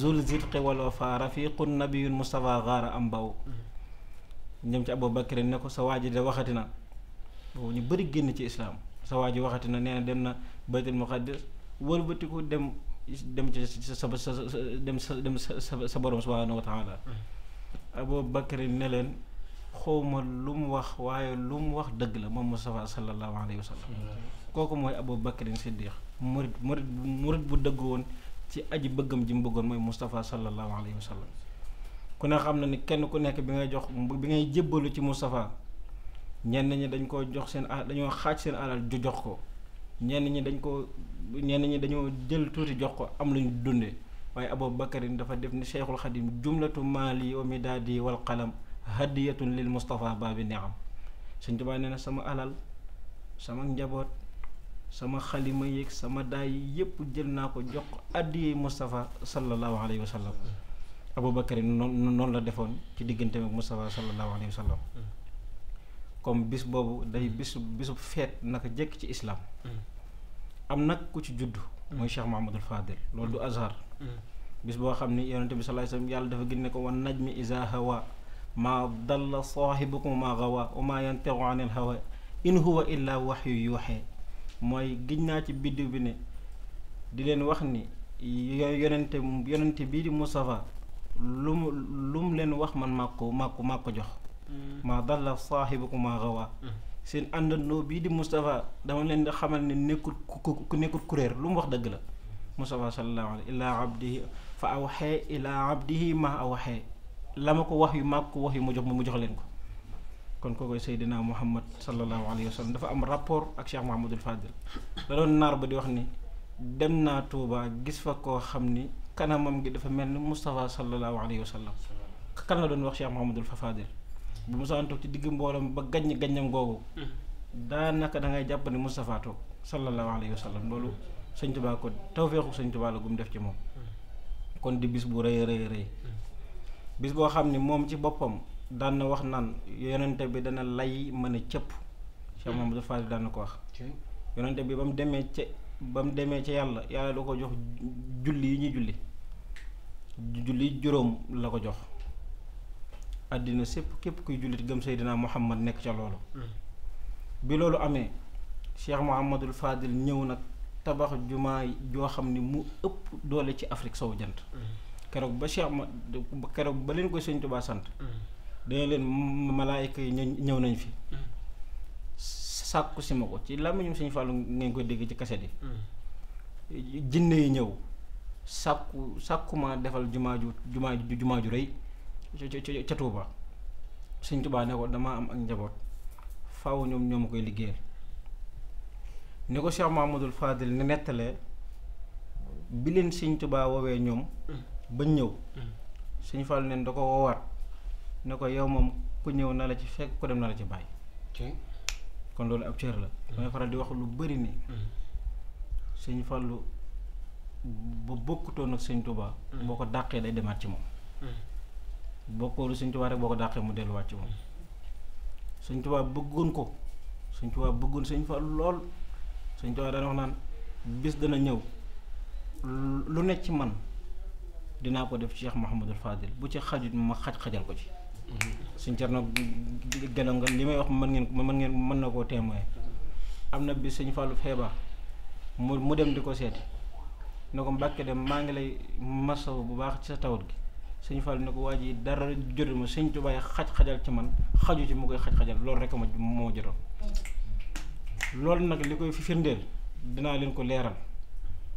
G: zul zitqi wala fa rafiqun nabiyun Moustapha gaara am baw ñëm ci abo bakkirin ne ko sa waa de waxati na ñu bëri génn ci islaam sa waa waxati na nee dem na baytul muqaddas wëlbati dem dem ci sa sa sa dem sa dem sa sa borom subhaanahu wa taala mm-hmm. Abu Bakri ne leen xawma lu mu wax waaye lu mu wax dëgg la moom Moustapha sallallahu alayhi wa sallam mm-hmm. kooku mooy Abu Bakrin Siddiq murit murit murit bu dëgg woon ci aji bëggam ji mu bëggoon mooy Moustapha sallallahu alayhi wa sallam ku ne xam na ni kenn ku nekk bi ngay jox bi ngay jébbalu ci Moustapha ñenn ñi dañ koo jox seen alal dañoo xaaj seen alal ju jox ko ñenn ñi dañ ko ñenn ñi dañoo jël tuuti jox ko am lañu dunde waaye Abubakarin dafa def ni Cheikhul Xadim jumlatu maali wa midaadi wal qalam hadiyatun lil Moustapha baabi niam Sëñ Tuubaa nee na sama alal sama njaboot sama xalima sama daay yépp jël naa ko jox ko addiye Moustapha sallallahu alayhi wa sallam Abubakarin noonu la defoon ci diggante ak Moustapha sallallahu alayhi wa sallam mm. comme bis boobu day bisu bisu feet naka jekk ci islaam mm. am nag ku ci judd. mooy Cheikh Mahamadul Fadil loolu du azhar. Mm. bis boo xam ni yonente bi sallallahu alayhi wasallam yàlla dafa gën ne ko wan najmi iza hawa maa dalla saahibukum maa gawa wa maa yantiqu in huwa illa waxyu yuuxee mooy giñ naa ci biddiw bi ne di leen wax ni yonente yonente bii di Mustafa lu mu lu mu leen wax man maa ko maa ko maa ko jox mm. maa dalla saahibukum seen àndandoo bii di Moustapha dama leen di xamal ne nekkul ku ku nekkul kuréer lu mu wax dëgg la Moustapha sallallahu alayhi ilaa abdihi fa awxee ilaa abdihi ma awxee la ma ko wax yu maag ko wax yu mu jox mu jox leen ko kon koo kookoy Seydina Muhammad sallallahu alayhi wa sallam dafa am rapport ak Cheikh Mahamadul Fadil da doon naar ba di wax ni dem naa Touba gis fa koo xam ni kanamam gi dafa mel ni Moustapha sallallahu alayhi wa sallam kan la doon wax Cheikh Mahamadul Fadil bu Moussa toog ci digg mboolam ba gaññ gaññam googu hmm. daanaka da ngay jàpp ne Moustapha toog sallallahu alayhi wa loolu sëñ Tuubaa ko tawféexu sëñ Tuubaa la gum def ci moom hmm. kon di bis bu rëy rëy rëy hmm. bis boo xam ne moom ci boppam daan wax naan yonente bi dana lay mën a cëpp Cheikh Mamadou Fadil daan na ko wax yonente bi ba mu demee ca ba mu demee ci yàlla yàlla da ko jox julli yi ñuy julli julli juróom la ko jox àddina sépp képp kuy jullit gëm Seydina Muhammad nekk ca loolu mm. bi loolu amee Cheikh Mouhamadul Fadil ñëw nag tabax jumaa joo xam ni mu ëpp doole ci Afrique sowu jant mm. keroog ba Cheikh ma keroog ba leen koy Sëñ Tuubaa sant mm. dana leen malaayika yi ñëw nañ fi sàkku si ma ko ci làmmiñum Sëñ Fàllu ngeen koy dégg ci kaset yi jinne yi ñëw sàkku sàkkuma defal jumaa ju jumaa ju jumaa ju rëy ca Touba Sëñ Touba ne ko dama am ak njaboot faw ñoom ñoo ma koy liggéeyal ne ko Cheikh Mahmoudul Fadil ni bi leen Sëñ Touba woowee ñoom ba ñëw Sëñ Fall neen da ko woowaat ne ko yow moom ku ñëw na la ci fekk ku dem na la ci bàyyi kon loolu ab cër la damay faral di wax lu bari ni Sëñ Fallu ba bokkutoon ak Sëñ Touba boo ko dàqee day demaat ci moom boo ko wóolu Sëñ Tuubaa rek boo ko dàqee mu delluwaat ci moom Sëñ Tuubaa bëggoon ko suñ Tuubaa bëggoon Sëñ Fallu lool Sëñ Tuubaa dana wax naan bis dana ñëw lu nekk ci man dinaa ko def Cheikh Mouhamadul Fadil bu ci xajut ma xaj xajal ko ci Sëñ Cerno Gelo nga li may wax mën ngeen mën ngeen mën na koo témoin am na bis Sëñ Fallu feebar mu mu dem di ko seeti ne ko Mbàkke dem maa ngi lay masaw bu baax ci sa tawat gi sëñ Fall ne ko waa ji dara jotu ma sëñ Tuubaa xaj-xajal ci man xaju ci mu koy xaj-xajal loolu rek ma moo jotoon loolu nag li koy fi dinaa leen ko leeral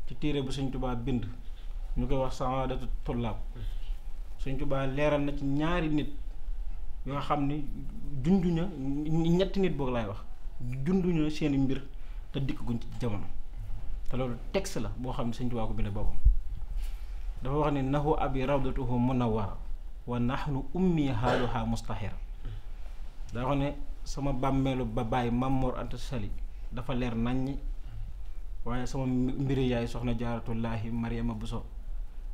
G: ci téere bu sëñ Tuubaa bind ñu koy wax saadatu tullaab sëñ Tuubaa leeral na ci ñaari nit yoo xam ni junduña ñetti nit boog laay wax junduña seeni mbir te dikk guñ ci jamono te loolu texte la boo xam ne sëñ Tuubaa ko bind boppam dafa wax ni nahu abi rawdatuhu munawwara wa nahnu ummi haaluha mustahira daa wax ne sama bàmmeelu ba bàyyi Mamoor Anta dafa leer naññ waaye sama mbiru yaay soxna jaaratullaahi Mariama Buso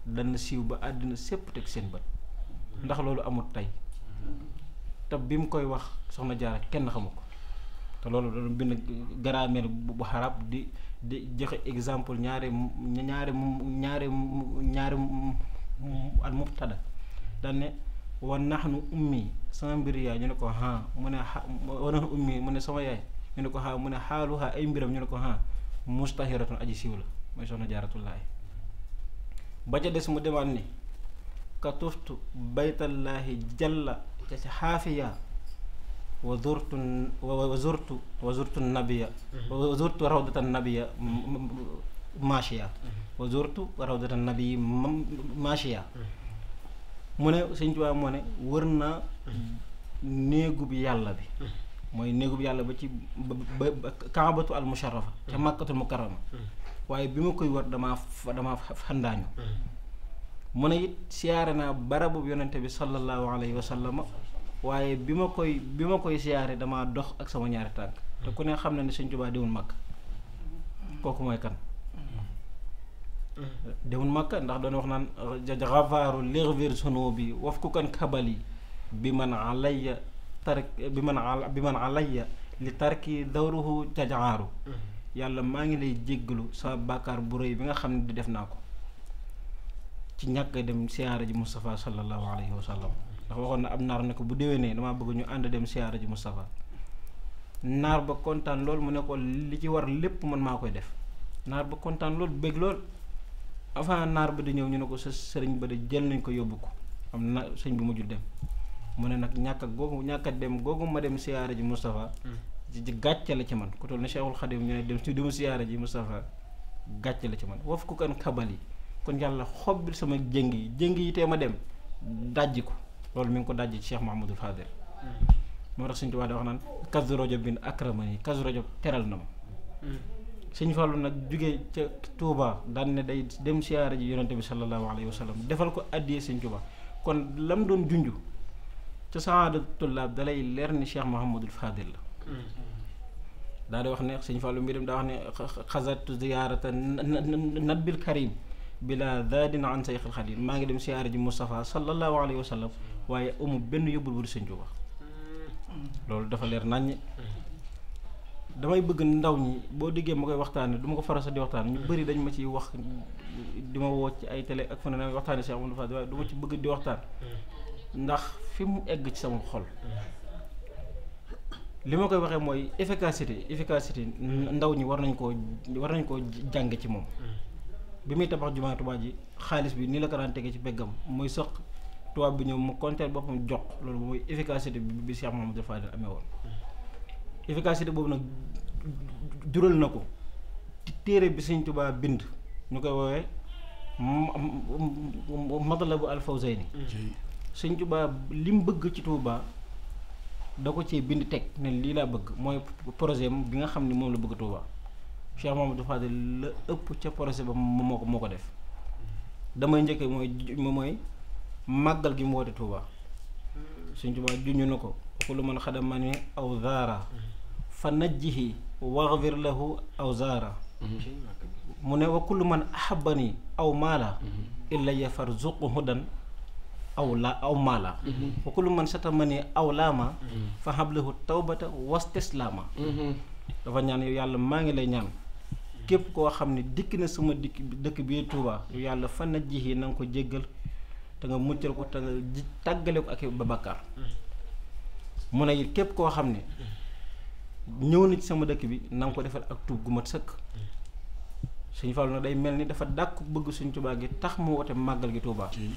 G: dana siiw ba àddina sépp teg seen bët ndax loolu amul tey te bi mu koy wax soxna jaara kenn xamu ko te loolu da doon bind grammaire bu xarab di di joxe exemple ñaari ñaari ñaari ñaari al mubtada daan ne wa ñu ne ko ha mu ne xa wa naxnu ummi mu ne sama yaay ñu ne ko ha mu ne xaaluha ay mbiram ñu ne ko ha mustahiratun aji siiw la mooy soxna jaaratullaahi ba ca des mu demaat ni katuftu baytallaahi jalla ca ca xaafiya wa zurtu wa zurtu nabiya wa zurtu rawdata nabiya maashiya mu ne sëñ Tuubaa moo ne wër naa néegub yàlla bi mooy néegub yàlla ba ci ba kaabatu al musharrafa ca màkkatul mukarrama waaye bi ma koy wër damaa damaa xandaañu mu ne it siyaare naa barabu yonente bi sallallahu alayhi wa waaye bi ma koy bi ma koy siyaare damaa dox ak sama ñaari tànk te ku ne xam na ne sëñ Tuubaa demul Makka kooku mooy kan demul Makka ndax doon wax naan xafaaru lirvir sunu bi waf ku kan kabal yi bi man alayya tark bi man bi man alayya li tarki dawruhu jajaaru yàlla maa ngi lay jéggalu sa bàkkaar bu rëy bi nga xam ne di def naa ko ci ñàkk dem siyaare ji Moustapha sallallahu alayhi wa ndax waxoon na ab naar ne ko bu nee damaa bëgg ñu ànd dem siyaara ji Moustapha naar ba kontaan lool mu ne ko li ci war lépp man maa koy def naar ba kontaan lool bëgg lool avant naar ba di ñëw ñu ne ko sa sëriñ ba de jël nañ ko yóbbu ko am na sëñ bi mujj dem mu ne nag ñàkk googu ñàkk dem googu ma dem siyaara ji Moustapha ci hmm. gàcce la ci man ku toll ne Cheikhul Khadim ñu ne dem si demu siyaara ji Moustapha gàcce la ci man woofu ko kan xabal yi kon yàlla xobbil sama jëng yi jëng yi ma dem dajji ko loolu mi ngi ko dajji ci Cheikh Mouhamadul moo tax suñu tubaab di wax naan kazu rajab bin na ma suñ nag jugee ca Touba daan ne day dem siyaara ji yonante bi sallallahu alayhi wa sallam defal ko addiyee doon junj ca saada tullaab dalay leer ni wax ne suñ Fallu mbiram daa wax ne xasatu ziyaarata nabil karim bila daadin an sayxil xadim maa ngi dem siyaara ji Moustapha sallallahu alayhi wa waaye amu benn yóbbul bu du sëñ Tuuba loolu dafa leer naññ damay bëgg ndaw ñi boo diggee ma koy waxtaanee du ma ko faral sax di waxtaan ñu bëri dañ ma ciy wax di ma woo ci ay tele ak fu ne damay waxtaanee Cheikh Amadou Fadilou du ma ci bëgg di waxtaan ndax fi mu egg ci sama xol li ma koy waxee mooy efficacité efficacité ndaw ñi war nañ koo war nañ koo jàng ci moom bi muy tabax jumaa ji xaalis bi ni la ko daan tege ci peggam muy sëq tubaab bi ñëw mu compter boppam jox loolu mooy efficacité bi bi Cheikh Mamadou Fadel amee woon efficacité boobu nag jural na ko téere bi sëñ Tuubaa bind ñu koy woowee matlabu alfawzayni sëñ Tuubaa li mu bëgg ci Tuubaa da ko ci bind teg ne lii laa bëgg mooy projet bi nga xam ni moom la bëgg Tuubaa moom Mamadou Fadel la ëpp ca projet ba moo ko moo ko def damay njëkkee mooy mooy màggal gi mu woote Touba suñ Touba juñu na ko xulu man xadama aw zaara fa najjihi waxfir aw zaara mu ne wa kullu man ahabani aw maala illa yafar zuqu hudan aw la aw maala wa kullu man satamani aw laama fa hablahu tawbata wastislaama dafa ñaan yow yàlla maa ngi lay ñaan képp koo xam ne dikk na sama dëkk bii Touba yow yàlla fa najjihi na ko jéggal te nga muccal ko te nga ji tàggale ko ak ba bàkkaar mm. mu ne it képp koo xam ne ñëw na ci sama dëkk bi na ko defal ak tuub gu mat sëkk mm. suñu Fallu nag day mel ni dafa dàkk bëgg suñ Tuubaa gi tax mu wote màggal gi Tuubaa mm.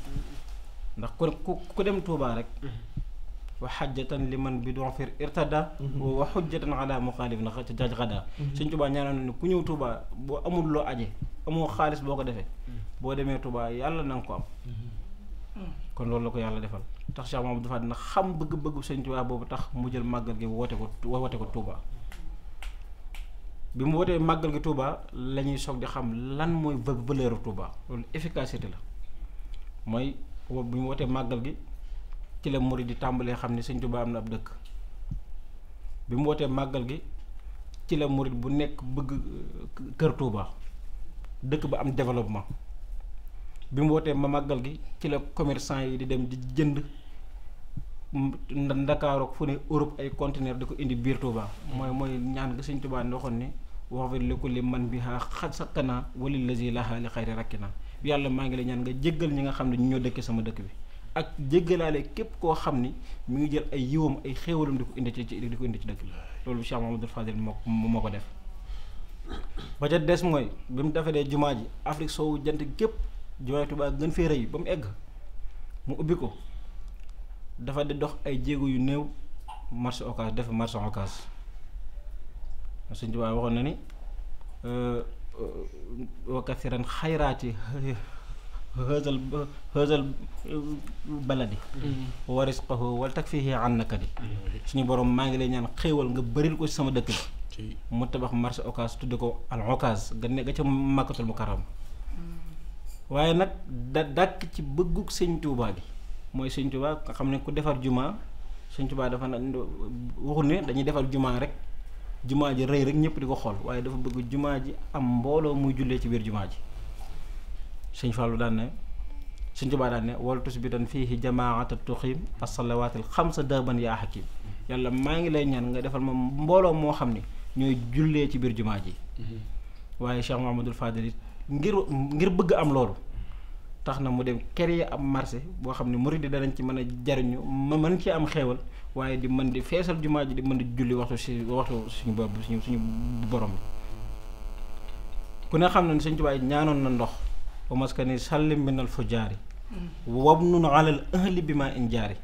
G: ndax ku ku dem Tuubaa rek wa xajjatan li man bi doon fir irtada mm-hmm. wa xujjatan ala muxaalif na jaaj xada mm-hmm. suñ Tuubaa ñaanoon na ne ku ñëw Tuubaa boo amul loo aje amoo xaalis boo ko defee boo demee tubaa yàlla na ko am
H: mm-hmm.
G: kon loolu la ko yàlla defal tax Cheikh Mamadou Fadil na xam bëgg-bëggu Sëñ Tuubaa boobu tax mu jël màggal gi woote ko woote ko Touba bi mu wootee màggal gi Touba la ñuy soog di xam lan mooy valeur Touba loolu efficacité la mooy bu ñu wootee màggal gi ci la murid di tàmbalee xam ne Sëñ Tuubaa am na ab dëkk bi mu wootee màggal gi ci la murid bu nekk bëgg kër Touba dëkk ba am développement. bi mu wootee ma màggal gi ci la commerçant yi di dem di jënd ndakaaroog fu ne Europe ay conteneur di ko indi biir Touba mooy mooy ñaan gi Sëñ Touba ni waxoon ne waxfir li kulli man bihaa sakkanaa wali lazi lahaa li xayri rakkinaa yàlla maa ngi lay ñaan nga jéggal ñi nga xam ne ñoo dëkkee sama dëkk bi ak jéggalaale képp koo xam ni mu ngi jël ay yiwam ay xéewalam di ko indi ci di indi ci dëkk bi loolu Cheikh Mamadou Fadil moo moo ko def ba ca des mooy bi mu defaree jumaa ji Afrique jant gépp jumaay Tuubaa gën fee rëy ba mu egg mu ubbi ko dafa di dox ay jéego yu néew marché Ocass def marché Ocass Sëñ Tuubaa waxoon na ni euh, wa kathiran xayraati xësal xësal baladi warisqahu wal takfihi an nakadi suñu borom maa ngi lay ñaan xéewal nga bari ko sama dëkk bi mu tabax marché Ocass tudde ko al Ocass ga ne ga ca Makkatul Mukarram waaye nag da dàkk ci bëggug sëñ Touba gi mooy sëñ Touba nga xam ne ku defar jumaa sëñ Touba dafa nag waxul ne dañuy defar jumaa rek jumaa ji rëy rek ñëpp di ko xool waaye dafa bëgg jumaa ji am mbooloo muy jullee ci biir jumaa ji sëñ Fallou daan ne sëñ Touba daan ne wal tusbitan fiihi jamaata tuqim as-salawaatil xamsa daban yaa hakim yàlla maa ngi lay ñaan nga defal ma mbooloo moo xam ne ñooy jullee ci biir jumaa ji mm-hmm. waaye Cheikh Mouhamadoul ngir ngir bëgg am loolu tax na mu dem créer am marché boo xam ne murid yi danañ ci mën a jariñu man ci am xéewal waaye di mën di feesal jumaa ji di mën di julli waxtu si waxtu suñu bopp suñu suñu borom bi ku ne xam ne Sëñ Tuubaa ñaanoon na ndox ba mas ni sàllim minal fujaari wab nun alal ahli bi ma injaari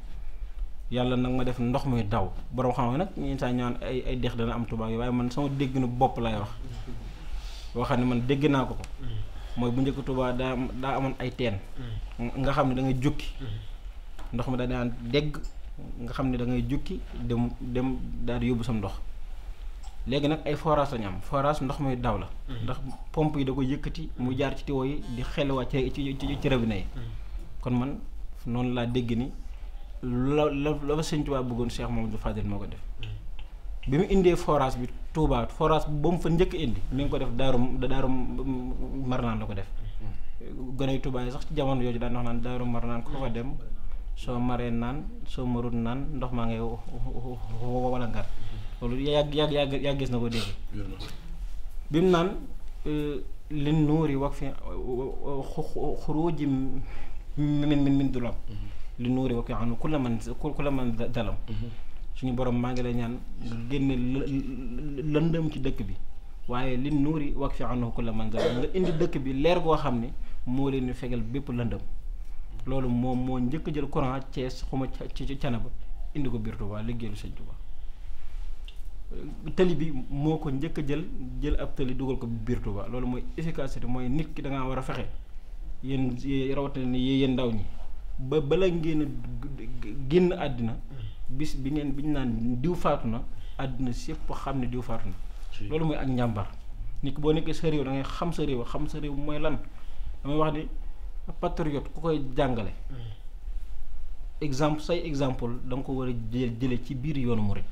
G: yàlla nag ma def ndox muy daw borom xam ne nag ñun saa ñaan ay dex dana am tubaab yi waaye man sama dégg nu bopp lay wax boo xam man dégg naa ko ko mm. mooy bu njëkk Tuubaa daa daa amoon ay teen mm. nga xam ne dangay ngay jukki mm. ndox mi da daan dégg nga xam ne da ngay jukki dem dem daal di yóbbu sam ndox léegi nag ay forage lañu am forage ndox muy daw la ndax pompe yi da ko yëkkati mu jaar ci tiwo yi di xelwaat ci ci ci robinet yi kon man noonu laa dégg ni la la la fa Sëñ Tuubaa bëggoon Cheikh Mamadou Fadel moo ko def bi mu indee forage bi Touba forage ba mu fa njëkk indi mi ngi ko def daaru daarum daarum marnaan la ko def gone yu Touba yi sax ci jamono yooyu daan wax naan daarum marnaan ko fa dem soo maree naan soo marut naan ndox maa ngay wala ngar loolu yàgg gis na ko dégg bi mu naan euh, li nuuri wax fi xuruuji min min min dulam li nuuri wax fi xanu ku la man ku la man dalam suñu borom maa ngi lay ñaan nga génne lëndëm ci dëkk bi waaye li nuuri wakfi anhu kulla man zalam nga indi dëkk bi leer goo xam ne moo leen di fegal bépp lëndëm loolu moom moo njëkk jël courant Thiès xuma ci Canaba indi ko biir Touba liggéeyal sëñ Touba tëli bi moo ko njëkk a jël jël ab tëli dugal ko biir Touba loolu mooy efficacité mooy nit ki danga war a fexe yéen rawatina ni yéen ndaw ñi ba bala ngeen génn àddina bis bi ngeen bi ñu naan diw faatu na àdduna si yëpp xam ne diw faatu na. loolu mooy ak njàmbar. nit ki boo nekkee sa réew da ngay xam sa réew xam sa réew mooy lan damay wax ni patriote ku koy jàngale. Hmm. exemple say exemple da ko war a jële ci biir yoonu murid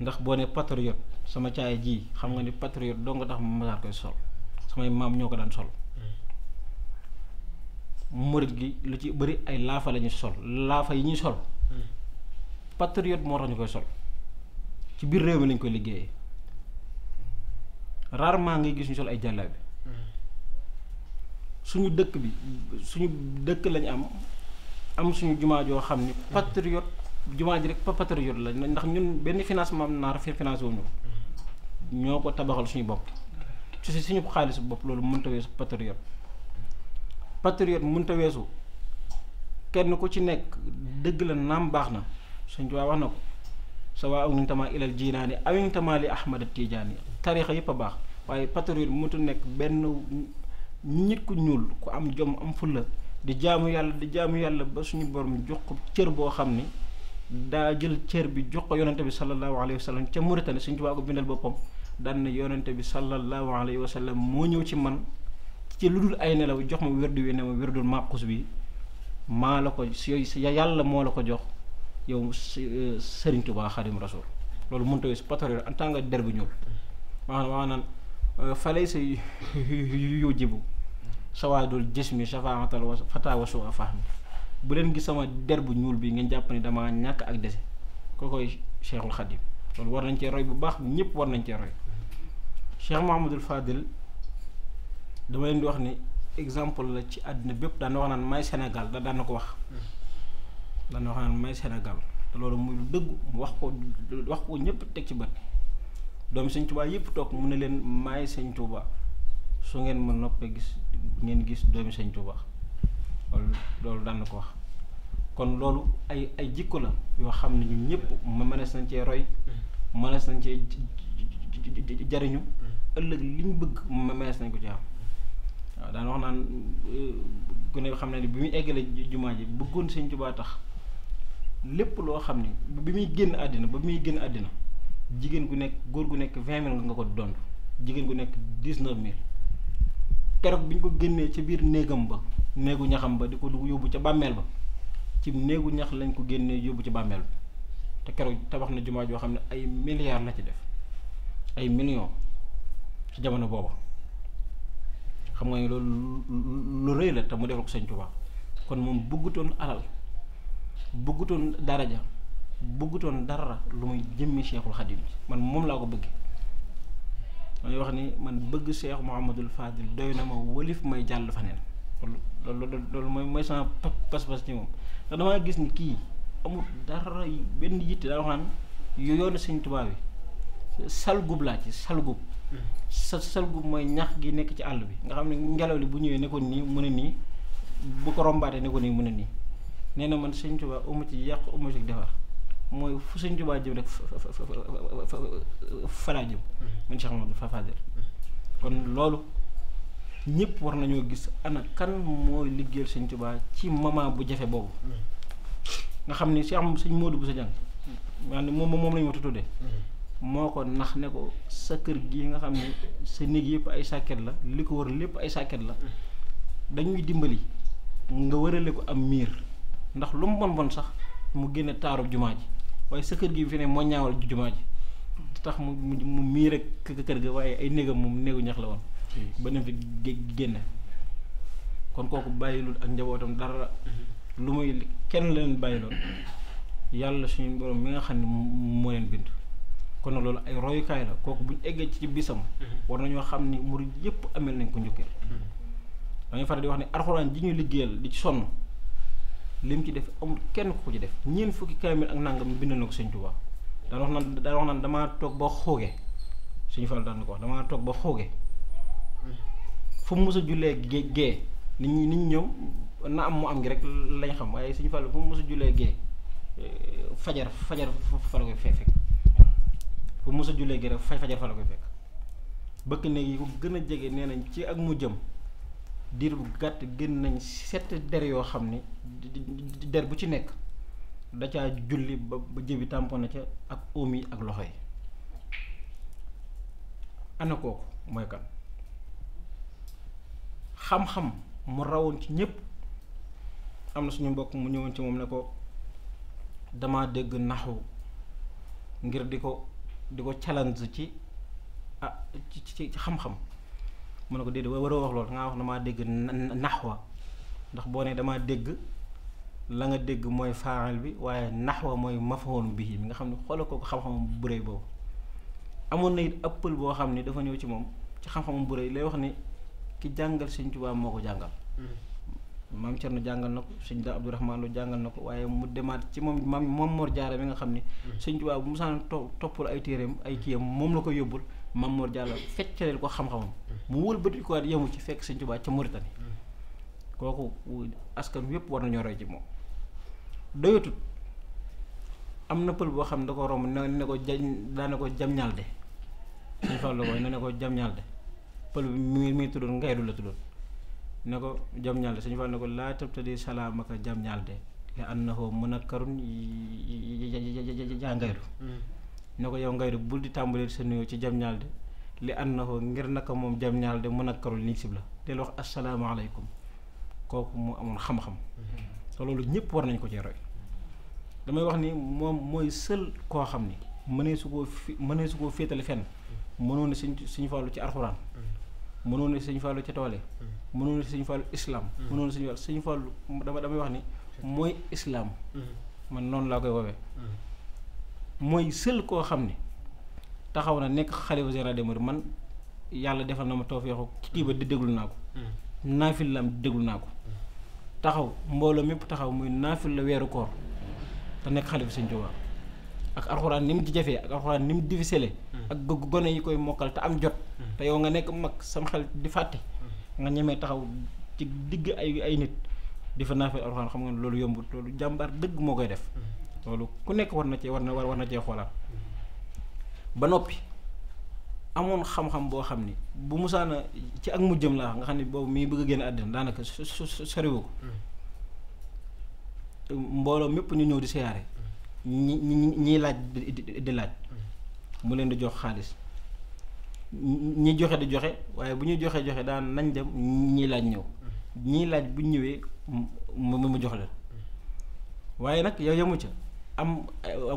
G: ndax boo ne patriot sama caay ji xam nga ni patriote doo nga tax ma koy sol samay maam ñoo ko daan sol. Hmm. murid gi lu ci bëri ay laafa la sol laafa yi ñuy sol. Hmm. patriote moo tax ñu koy sol ci biir réew mi lañ koy liggéeyee rarement ngay gis ñu sol ay jàllaabi suñu dëkk bi suñu dëkk lañ am am suñu jumaa joo xam ni patriote jumaa ji rek pas patriote la ndax ñun benn financement am naar fi financé wuñu ñoo ko tabaxal suñu bopp ci suñu xaalis bopp loolu mënut a weesu patriote patriote mënut a weesu kenn ku ci nekk dëgg la naam baax na sëñ Tuubaa wax na ko sa waa aw nitamaa ilal jinaani aw nitamaa li Ahmad Tijaani tariixa yëpp a baax waaye patriote bi mënut nekk benn nit ñuul ku am jom am fulla di jaamu yàlla di jaamu yàlla ba suñu borom jox ko cër boo xam ni daa jël cër bi jox ko yonante bi sallallahu alayhi wa sallam ca Mauritanie suñu Tuubaa ko bindal boppam daan na yonante bi sallallahu alayhi wa sallam moo ñëw ci man ci lu dul ay nelaw jox ma wérdu wi ne ma wérdul màqus bi maa la ko si yàlla moo la ko jox yow eh, Serigne Touba Xadim Rasul loolu mënut a weesu patriote en tant ñuul maanaam maanaam euh, falay sa yu jibu sawaadul jismi safaatal wa fataawa su afahmi bu leen gis sama der bu ñuul bi ngeen jàpp ne damaa ñàkk ak dese kookoy Cheikhul Xadim loolu war nañ cee roy bu baax ñëpp war nañ cee roy Cheikh Mahamadul Fadil dama leen di wax ni exemple la ci àddina bépp daan wax naan may Sénégal da ko wax lan wax naan may Sénégal te loolu muy lu dëgg wax ko wax ko ñëpp teg ci bët doomi sëñ Tuubaa yëpp toog mu ne leen may sëñ Tuubaa soo ngeen ma noppee gis ngeen gis doomi sëñ Tuubaa loolu danga ko wax kon loolu ay ay jikko la yoo xam ne ñun ñëpp mënees nañ cee roy mënees nañ cee jariñu ëllëg li ñu bëgg mënees nañ ko ci am waaw daan wax naan ku euh, ne xam ne bi muy eggale jumaa ji bëggoon sëñ Tuubaa tax lépp loo xam ni bi muy génn àddina ba bi muy génn àddina jigéen gu nekk góor gu nekk vingt mille nga ko dond jigéen gu nekk dix neuf mille keroog bi ñu ko génnee ca biir néegam ba néegu ñaxam ba di ko dugg yóbbu ca bàmmeel ba ci néegu ñax lañ ko génnee yóbbu ci bàmmeel ba te keroog tabax na jumaa joo xam ne ay milliards la ci def ay million ci jamono booba xam nga ne loolu lu rëy la te mu defal ko Sëñ Tuubaa kon moom bëggutoon alal. bëggutoon daraja bëggutoon dara lu muy jëmmi Cheikhul Khadim man moom laa ko bëggee man wax ni man bëgg Cheikh Mouhamadul Fadil doy na ma wëlif may jàll faneen loolu loolu loolu mooy mooy sama pas gis ni kii amul dara benn yitte daa waxaan bi salgub laa ci salgub sa salgub mooy ñax gi nekk ci àll bi nga xam ne ngelaw li bu ñëwee nekkoon nii mu ne nii bu ko rombaatee ne ko nii mu ne nii nee na man sëñ Tuubaa umu ci yàq umu ci defar mooy fu sëñ Tuubaa jëm rek falaa jëm mm-hmm. man Cheikh Mamadou Fa mm-hmm. kon loolu ñëpp war nañoo gis ana kan mooy liggéeyal sëñ Tuubaa ci moment bu jafe boobu mm-hmm. nga xam ni Cheikh sëñ Modou bu sa jàng moom moom la ñu ma tuddee moo ko nax ne ko sa kër gi nga xam ne sa néeg yëpp ay sàkket la li ko wër lépp ay sàkket la dañuy dimbali nga wërale ko am miir ndax lu mu bon bon sax mu génne taaru jumaa ji waaye sa kër gi fi ne moo ñaawal jumaa ji tax mu mu miir ak kër gi waaye ay néegam moom néegu ñax la woon ba ne fi génne kon kooku bàyyilul ak njabootam dara mm-hmm. lu muy kenn la leen bàyyiloon yàlla suñu borom mi nga xam ne mu leen bind kon nag loolu ay royukaay la kooku buñ eggee ci bisam mm-hmm. war nañoo xam ni murid yépp amel nañ ko njukkeel mm-hmm. dañuy faral di wax ne arxuraan ji ñu liggéeyal di ci sonn li ci def amul kenn ku ci def ñeent fukki kaamil ak nangam bind na ko sëñ Tuubaa daan wax naan daan wax naan damaa toog ba xooge suñu Fall daan ko wax damaa toog ba xooge fu mu mës a jullee gée gée nit ñi ñëw na am mu am rek lañ xam waaye suñu Fall mës a jullee gée eh, fajar fajar fa la koy fekk fu mu mës a jullee gée rek fajar fa koy fekk bëkk néeg yi ko gën a jege nee nañ ci ak mu jëm diir bu gàtt génn nañ sept der yoo xam ni der bu ci nekk da caa julli ba ba jëbi ca ak oom ak loxo yi ana mooy kan xam-xam mu rawoon ci ñépp am na suñu mbokk mu ñëwoon ci moom ne ko dama dégg naxu ngir di ko di ko challenge ci ah ci ci xam-xam mu ne ko déedéet waroo wax loolu dangaa wax damaa dégg wa ndax boo ne damaa dégg la nga dégg mooy faal bi waaye naxwa mooy mafoonu bi mi nga xam ne xoolal ko xam-xamam bu rëy boobu amoon na it ëppal boo xam ne dafa ñëw ci moom ci xam-xamam bu rëy lay wax ni ki jàngal Sëñ Tuubaa moo ko jàngal
H: hmm.
G: maam Cerno jàngal na ko sëñ da Abdourahmaan Lo jàngal na ko waaye mu demaat ci moom maam moom Mor Jaara mi nga xam ne hmm. Sëñ Tuubaa bu mu ay téeréem ay kiyam moom la ko yóbbul Mamour Diallo feccaleel ko xam-xamam mu wëlbati ko yemu ci fekk Sëñ Tuubaa ca Mauritanie kooku askan yëpp war nañoo roy ci moom doyatut am na pël boo xam ne da ko romb ne ko ja daane ko jam ñaal de ne ko jam ñaal de pël bi mi ngi tuddoon ngaydu la tuddoon ne ko jam ñaal de suñu fàllu ne ko laa tabtadi salaamaka jam ñaal de nga ànd na ko mën a karun yaa ngaydu ne ko yow ngay bul di tàmbalee sa nuyoo ci jam ñaal de li ànd na ko ngir naka moom jam ñaal de mun a karul nii sib la del wax asalaamaaleykum kooku mu amoon xam-xam te loolu ñëpp war nañ ko cee roy damay wax ni moom mooy sël koo xam ni mënee su koo fi mënee su koo féetale fenn mënoon na suñ suñu fàllu ci arxuraan mënoon na suñu fàllu ci toole mënoon na suñu fàllu islam mënoon su suñu fàllu suñu damay wax ni mooy islaam mm-hmm. man noonu laa koy woowee mm-hmm. mooy sël koo xam ne taxaw na nekk xalifa général des mourides man yàlla defal na ma tawfeexu ci kii ba di déglu naa ko. Hmm. naafil la am déglu naa ko. Hmm. taxaw mbooloo mépp taxaw muy naafil la weeru koor te nekk xalifa sëñ Tuubaa ak alxuraan ni mu ci jafee ak alxuraan ni mu difficile hmm. ak gone yi koy mokkal te am jot. te yow nga nekk mag sam xel di fàtte. nga ñemee taxaw ci digg ay ay nit di fa naafil alxuraan xam nga loolu yombut loolu jàmbaar dëgg moo koy def. loolu ku nekk war na cee war na war na cee xoolaat ba noppi amoon xam-xam boo xam ni bu musaana ci ak mu jëm laa nga xam ne boobu mi ngi bëgg a génn àddina daanaka soriwu ko mbooloo mépp ñu ñëw di siyaare ñi ñi ñiy laaj di laaj mu leen di jox xaalis ñi joxe di joxe waaye bu ñuy joxee joxe daan nañ dem ñii laaj ñëw ñii laaj buñ ñëwee mu mu jox leen waaye nag yow yemu ca am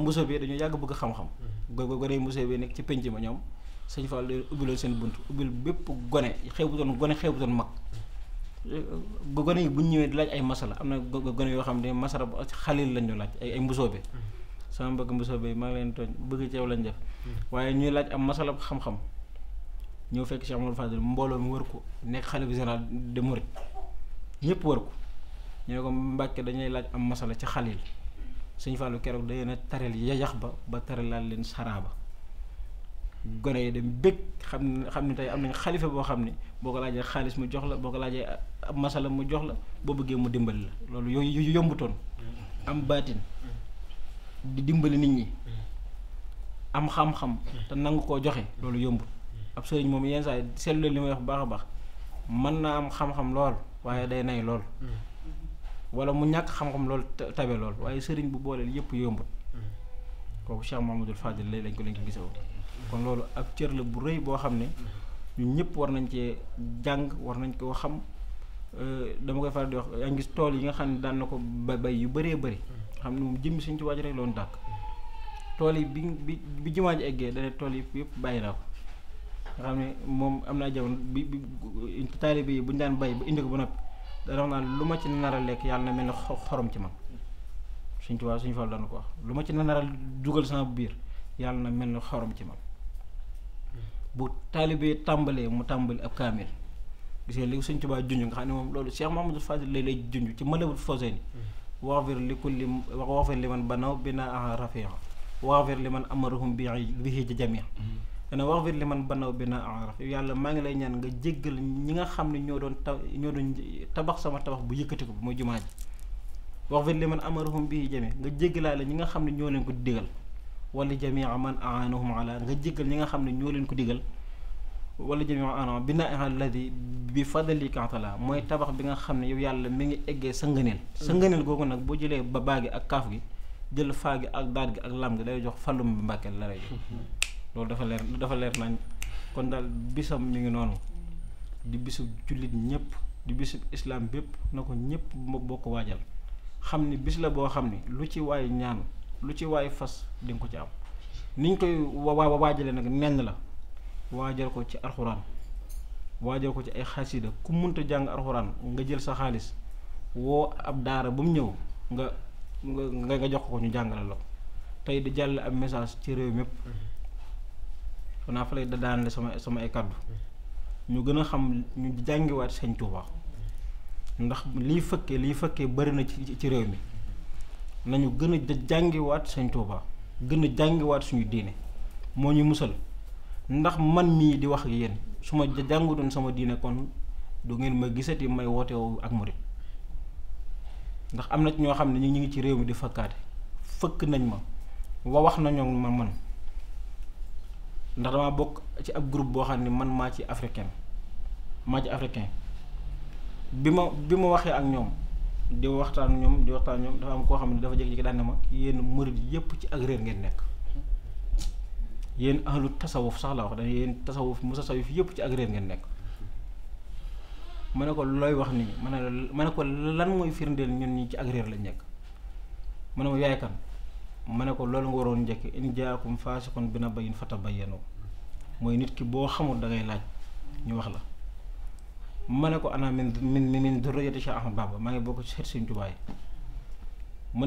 G: mbuso bi dañoo yàgg bëgg xam-xam mm-hmm. go gone mbuso bi nekk ci penc ma ñoom sëñ Fall leen ubbiloon seen bunt ubbil bépp gone xeebutoon gone xeebutoon mag mm-hmm. gone yi bu ñu ñëwee laaj ay masala am na gone yoo xam ne masala xalil lañ ñu laaj ay ay mbusoo bi mm-hmm. sama mbokk mbusoo maa ngi leen tooñ bëgg ci yow lañ def waaye ñuy laaj am masala xam-xam ñëw fekk Cheikh Amadou Fadel mbooloo mu wër ko nekk xale bi général de Mouride ñëpp wër ko ñu ne ko Mbàkke dañuy laaj am masala ci xalil sëñ Fallou keroog da na taral yajax ba ba taralal leen saraaba gone yi dem bëgg xam ne xam ne tey am nañ xalifa boo xam ne boo ko laajee xaalis mu jox la boo ko laajee ab masala mu jox la boo bëggee mu dimbali la loolu yooyu yombutoon am baatin di dimbali nit ñi am xam-xam te nangu koo joxe loolu yombut ab sëriñ moom yenn saa yi li ma wax bu baax a baax mën naa am xam-xam lool waaye day nay lool wala mu ñàkk xam-xam loolu tabe lool waaye sëriñ bu booleel yëpp yombut
H: mm-hmm.
G: kooku Cheikh Mamadou Fadil lay lañ ko lañ ko gisoo kon loolu ak cër la bu rëy boo xam ne mm-hmm. ñun ñëpp war nañ cee jàng war nañ koo xam euh, dama koy faral di tool yi nga xam ne daan na ko bay yu bëree bëri mm-hmm. xam ne moom suñ ci wàcc rek loon dàkk yi bi bi bi eggee dana tool yi yëpp bàyyi naa nga xam ne moom am naa jamono bi bi taalibe yi bu ñu daan bay ba indi ko ba noppi da dox naan lu ma ci nar a lekk yàlla na mel ne xorom ci man suñ tubaab suñu fal daan ko lu ma ci nar a dugal sama biir yàlla na mel ne xorom ci man bu taalibee tàmbalee mu tàmbali ak kaamil gis nga léegi suñ tubaab junj nga xam ne moom loolu Cheikh Mamadou Fadil lay lay junj ci mëlewut fosé ni waxfir li kulli waxfir li man banaw binaa rafi'a waxfir li man amarahum bi bihi jamia dana wax bir li man banaw bi na araf yàlla maa ngi lay ñaan nga jéggal ñi nga xam ne ñoo doon ta ñoo doon tabax sama tabax bu yëkkati ko bu mooy jumaa ji wax bir li man amarahum bii jame nga jéggalaale ñi nga xam ne ñoo leen ko digal wala jamia man aanahum ala nga jéggal ñi nga xam ne ñoo leen ko digal wala jamia ana binaa alladi bi fadlika taala mooy tabax bi nga xam ne yow yàlla mi ngi eggee sa ngëneel sa mm. ngëneel googu nag boo jëlee ba baa gi ak kaaf gi jël faa gi ak daat gi ak lam gi day jox fàllum bi mbàkkeel la lay loolu dafa leer dafa leer nañ kon daal bisam mi ngi noonu di bisu jullit ñëpp di bisu islam bépp na ko ñëpp ma bokk waajal xam ni bis la boo xam ni lu ci waay ñaan lu ci waay fas di ko ci am niñ koy waa waajale nag nenn la waajal ko ci alxuraan waajal ko ci ay xasida ku munta jàng alxuraan nga jël sa xaalis woo ab daara ba mu ñëw nga nga nga jox ko ñu jàngale la ko tey di jàll ak message ci réew mépp xanaa fa lay daan sama sama ay kàddu ñu gën a xam ñu jàngiwaat sëñ Tuuba ndax liy fëkkee liy fëkkee bari na ci ci réew mi nañu gën a jàngiwaat sëñ Tuuba gën a jàngiwaat suñu diine moo ñu musal ndax man mii di wax ak yéen su ma jàngutoon sama diine kon du ngeen ma gisati may woote ak murit ndax am na ci ñoo xam ne ñu ngi ci réew mi di fëkkaate fëkk nañ ma wa wax nañoo ma man ndax damaa bokk ci ab groupe boo xam ne man maa ci africain maa ci africain bi ma bi ma waxee ak ñoom di waxtaan ñoom di waxtaan ñoom dafa am koo xam ne dafa jékki-jékki daan ne ma yéen murid yépp ci ak réer ngeen nekk yéen ahlu tasawuf sax la wax dañuy yéen tasawuf musasawuf yépp ci ak réer ngeen nekk ma ne ko looy wax nii ma ne ma ne ko lan mooy firndeel ñun ñi ci ak réer lañ nekk mën ne ma yaay kan ma ne ko loolu nga waroon njëkk in jaakum faasiqun bi naba'in fatabayyanu mooy nit ki boo xamul da ngay laaj ñu wax la ma ne ko ana min min min durriyati Cheikh Ahmad Bamba maa ngi bokk ci xet Sëriñ Tuubaa yi ma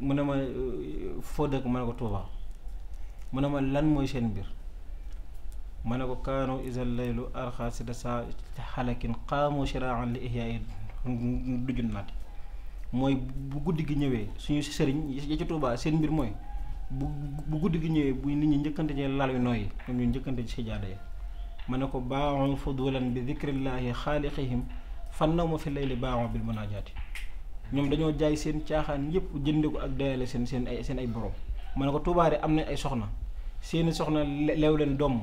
G: mu ne ma foo ko Tuubaa mu ne ma lan mooy seen mbir ma ne ko kaanu isal laylu arxa si da saa xalakin qaamu shiraan li ihyaa dujun naati mooy bu guddi gi ñëwee suñu sëriñ ya ci Tuubaa seen mbir mooy bu bu guddi gi ñëwee buy nit ñi njëkkante ci lal yu nooy ñoom ñu njëkkante ci sijaada yi ma ne ko baaxoon fudulan bi fan xaaliqihim fannawma fi layli baaxoon bil munaajaati ñoom dañoo jaay seen caaxaan yëpp jënde ko ak dayale seen seen ay seen ay borom ma ne ko Tuubaa de am na ay soxna seeni soxna leew leen doom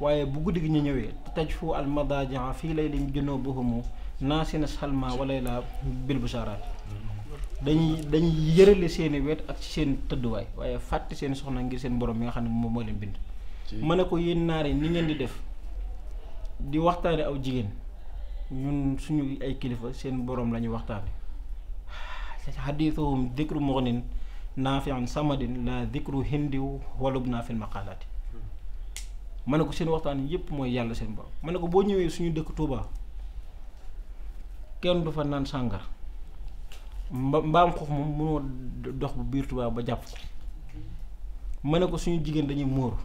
G: waaye bu guddi gi ñu ñëwee taj fu almadaaja fii layli junubuhumu naa naasina salma wala la bil bu saaraat mm-hmm. dañuy dañuy yërale seeni i wet ak ci seen tëdduwaay waaye fàtte seen soxna ngir seen borom mi nga xam ne moom moo leen bind. mën na ko yéen naar yi ni ngeen di def di waxtaane aw jigéen ñun suñu ay kilifa seen borom la ñu waxtaane xadiisuhum dikru muxnin naafian samadin la dikru hindiw walub naa fil maqaalaati
H: mën mm-hmm.
G: na ko seen waxtaan yépp mooy yàlla seen borom mën na ko boo ñëwee suñu dëkk Touba. kenn du fa naan sàngar mba mbaam xoox moom mënoo dox bu biir tubaab ba jàpp ma ne ko suñu jigéen dañuy móoru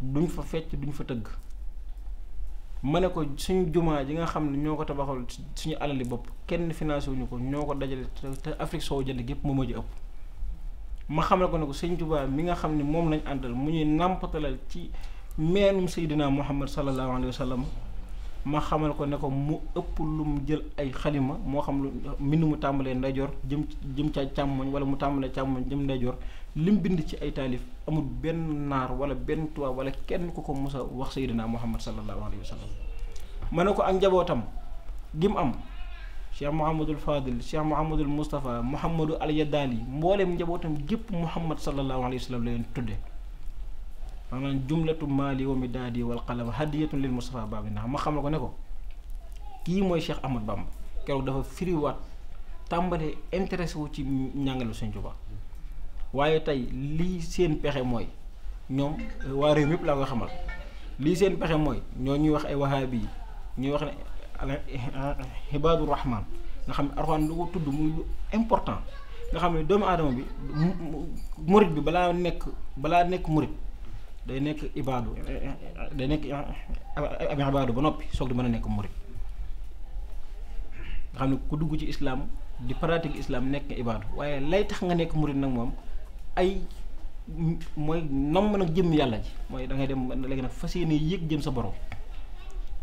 G: duñ fa fecc duñ fa tëgg ma ne ko suñu jumaa ji nga xam ne ñoo ko tabaxal suñu alali bopp kenn financé wuñu ko ñoo ko dajale te Afrique soo jënd gépp moom moo ji ëpp ma xam ne ko ne ko sëñ Tuubaa mi nga xam ne moom lañ àndal mu ñuy nàmpatalal ci meenum Seydina Muhammad sallallahu alayhi wa sallam ma xamal ko ne ko mu ëpp lu mu jël ay xalima moo xam lu mbind mu tàmbalee ndeyjoor jëm jëm ca càmmooñ wala mu tàmbalee càmmooñ jëm ndeyjoor lim bind ci ay taalif amul benn naar wala benn tubaab wala kenn ku ko mos a wax sayyidina Muhammad sallallahu alayhi wa sallam ma ne ko ak njabootam gim am cheikh Mouhamadul Fadil cheikh Mouhamadul Moustapha Mouhamadou Al Yadali mbooleem njabootam gépp Muhammad sallallahu alayhi wa sallam la leen tudde maanaam jumlatu maali wa midaadi wal qalam hadiyatun lil Mustafa baabi ndax ma xamal ko ne ko kii mooy Cheikh Ahmad Bamba keroog dafa firiwaat tàmbale intéressé wu ci njàngale Sëñ Tuubaa waaye tey lii seen pexe mooy ñoom waa réew mépp laa koy xamal lii seen pexe mooy ñoo ñuy wax ay wahaabi yi ñuy wax ne ibaadu rahman nga xam ne arxaan lu ko tudd mu important nga xam ne doomu aadama bi murit bi balaa nekk balaa nekk murit day nekk ibaadu day nekk ab ibaadu ba noppi soog di mën a nekk murid nga xam ne ku dugg ci islaam di pratique islaam nekk ibaadu waaye lay tax nga nekk murid nag moom ay mooy nomm nag jëm yàlla ji mooy da ngay dem léegi nag fas yéene yëg jëm sa borom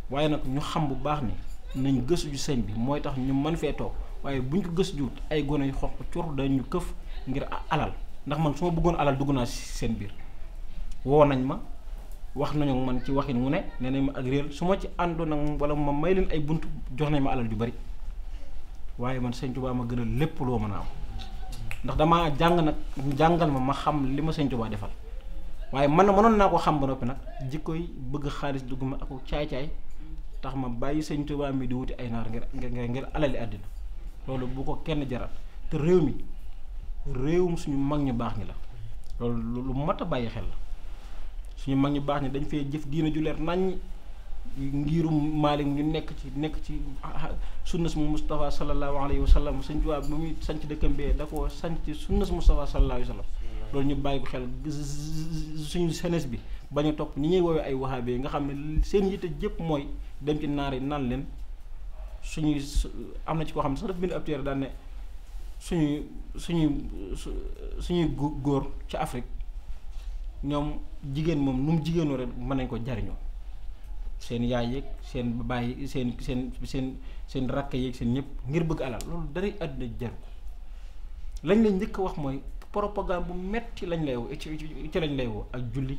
G: waaye nag ñu xam bu baax ni nañ gëstu ju sëñ bi mooy tax ñu mën fee toog waaye buñ ko gëstu juut ay gone yu xoq cur dañu këf ngir alal ndax man su ma bëggoon alal dugg naa seen biir. woo nañ ma wax nañu man ci waxin mu ne nee nañ ma ak réel su ma ci àndoon nag wala ma may leen ay bunt jox nañ ma alal yu bari waaye man sëñ Tuubaa ma gënal lépp loo mën a am ndax damaa jàng nag ma ma xam li ma sëñ Tuubaa defal waaye man mënoon naa ko xam ba noppi nag jikkoy bëgg xaalis dugg ma ak caay-caay tax ma bàyyi sëñ Tuubaa di wuti ay naar ngir ngir ngir alali àddina loolu bu ko kenn jaral te réew mi réew réewum suñu mag ñu baax ni la loolu lu mat a bàyyi xel la. ñu mag ñu baax ni dañ fee jëf diina ju leer nañ ngirum Maalik ñu nekk ci nekk ci ah, ah, sunnas mu Moustapha sallallahu alayhi wa sallam sëñ Tuubaa bu muy sanc dëkkam bee da koo sanc sunnas Moustapha sallallahu alayhi wa sallam loolu ñu bàyyi ko xel suñu senes bi bañ topp ni ñuy woowee ay wahabe nga xam ne seen yitte jëpp mooy dem ci naar yi naan leen suñuy am na ci koo xam ne sax daf bind ab téere daan ne suñuy suñuy suñuy góor ci Afrique ñoom jigéen moom nu mu jigéenoo rek mën nañ ko jariñoo seen yaay yeeg seen bàyyi seen seen seen seen rakk yeeg seen ñëpp ngir bëgg alal loolu dara àdduna jaru lañ lay njëkk wax mooy propagande bu metti lañ lay woo ci ci lay woo ak julli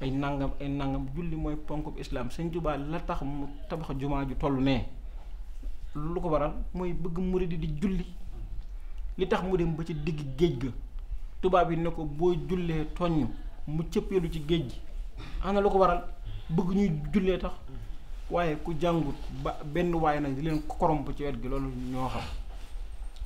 G: ay nangam ay nangam julli mooy ponkub islaam sëñ Tuubaa la tax mu tabax jumaa ju toll nee lu ko waral mooy bëgg murid di julli li tax mu dem ba ci digg géej ga tubaab yi ne ko boo jullee toññ mu cëppeelu ci géej gi ana lu ko waral bëgg ñuy jullee tax waaye ku jàngut ba benn waaye nag di leen koromp ci wet gi loolu ñoo xam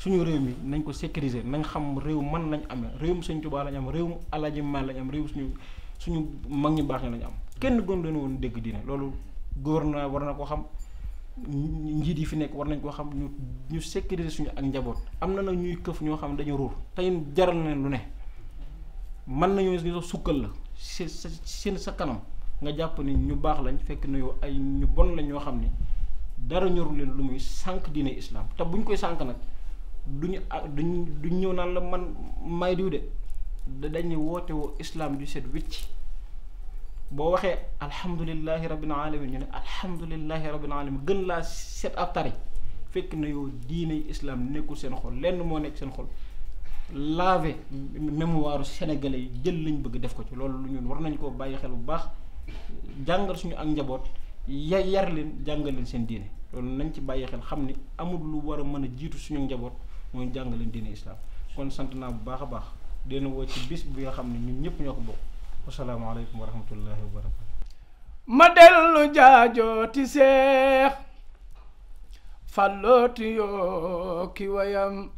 G: suñu réew mi nañ ko sécuriser nañ xam réew man lañ amee réewum Sëñ Tuubaa lañ am mu Alaaji Maal lañ am réew suñu suñu mag ñu baax ñu am kenn gën leen woon dégg diine loolu gouvernement war na ko xam njiit yi fi nekk war nañ koo xam ñu ñu sécuriser suñu ak njaboot am na nag ñuy këf ñoo xam dañu ruur tey jaral leen lu ne man nañoo ñu sax sukkal la si sa seen sa kanam nga jàpp ni ñu baax lañ fekk na ay ñu bon lañ ñoo xam ni dara ñoru leen lu muy sànq diine islam te bu ñu koy sànq nag duñu ah duñu duñ ñëw naan la man may diw de dañuy woote woo islam ju set wicc boo waxee alhamdulilahi rabbil alamin ñu ne alhamdulilahi rabbil alamin gën laa set ab tari fekk na yow diine islam nekkul seen xol lenn moo nekk seen xol laver mémoire sénégalais yi jël lañ bëgg def ko ci loolu lu ñun war nañ ko bàyyi xel bu baax jàngal suñu ak njaboot ya yar leen jàngal seen diine loolu nañ ci bàyyi xel xam ni amul lu war a mën a jiitu suñu njaboot mooy jàngal leen diine kon sant naa bu baax a baax dina woo ci bis bi nga xam ne ñun ñëpp ñoo ko bokk asalaamaaleykum wa rahmatullahi wa barakatu
I: ma dellu jaajooti seex fàllooti yoo ki wayam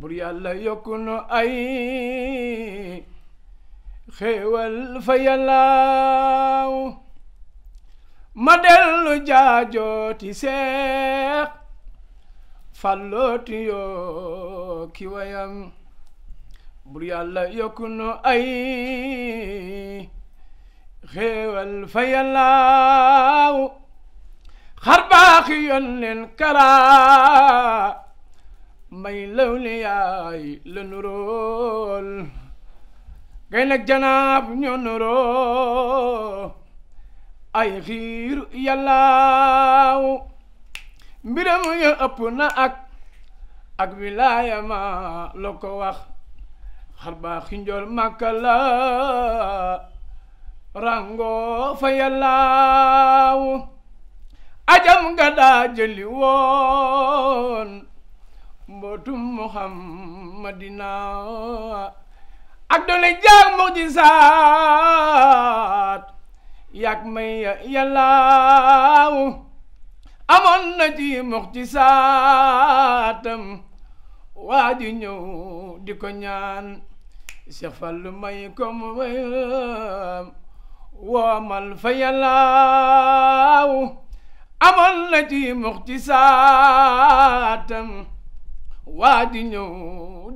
I: bur yàlla yokku nu ay xéewal fa yàllaaw ma dellu jaajooti seex fàllooti yoo ki wayam bur yàlla yokku nu ay xéewal fa yàllaaw xarbaaxi yoon leen karaa may law li yaay la nu rool janaab ñoo nu ay xiiru yàllaaw mbiram ya ëpp na ak ak wilaaya ma la ko wax xar baa xinjool màkka la rango fa yàllaaw ajam nga daa jëli woon mbootum muhammadina ak doole jaag mujisaat yàgg may yàllaawu amoon na ci muxtisaatam waa ji ñëw di ko ñaan Cheikh Fallou may ko mu woomal fa yàllaawu amoon na ci muxtisaatam waa di ñëw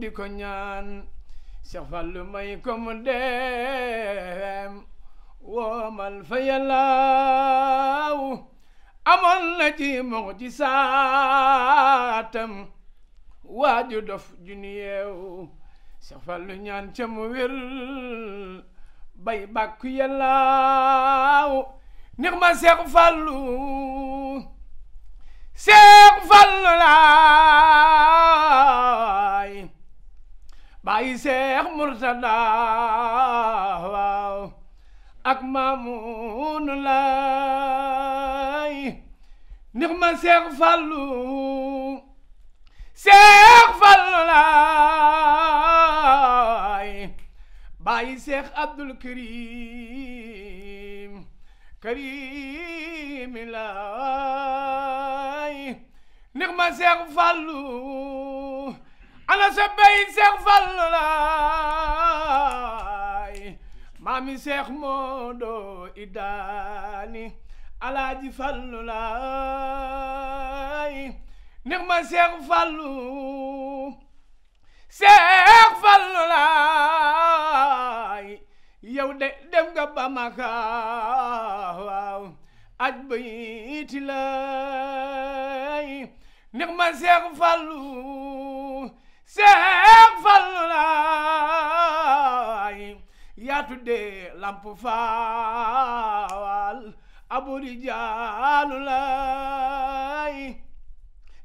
I: di ko ñaan Cheikh Fallu may ko mu dem woomal fa yàllaaw amoon na ci mox ci saatam dof ju nu Fallu ñaan ca mu wér bay bàkku yàllaaw nix ma Cheikh Fallu Seex Fallu laay baay Seex Murtada ak Maamunu laay nix ma Seex Fallu Seex Fallu baay Seex Abdul Karim karim laay nix Seex Fallu ana sa Seex Fallu maami Seex Moodu Idaani alaaji Fallu laay nix Seex Fallu Seex Fallu yow de dem nga ba maka waaw lay neex ma seex fallu seex fallu lay yaa tudde lamp faal abori jaalu lay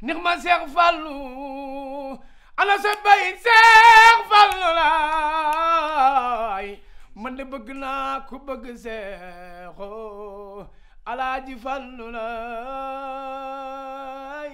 I: neex ma seex fallu ana sa seex fallu lay man de bëgg naa ku bëgg seexoo alaaji fallu lay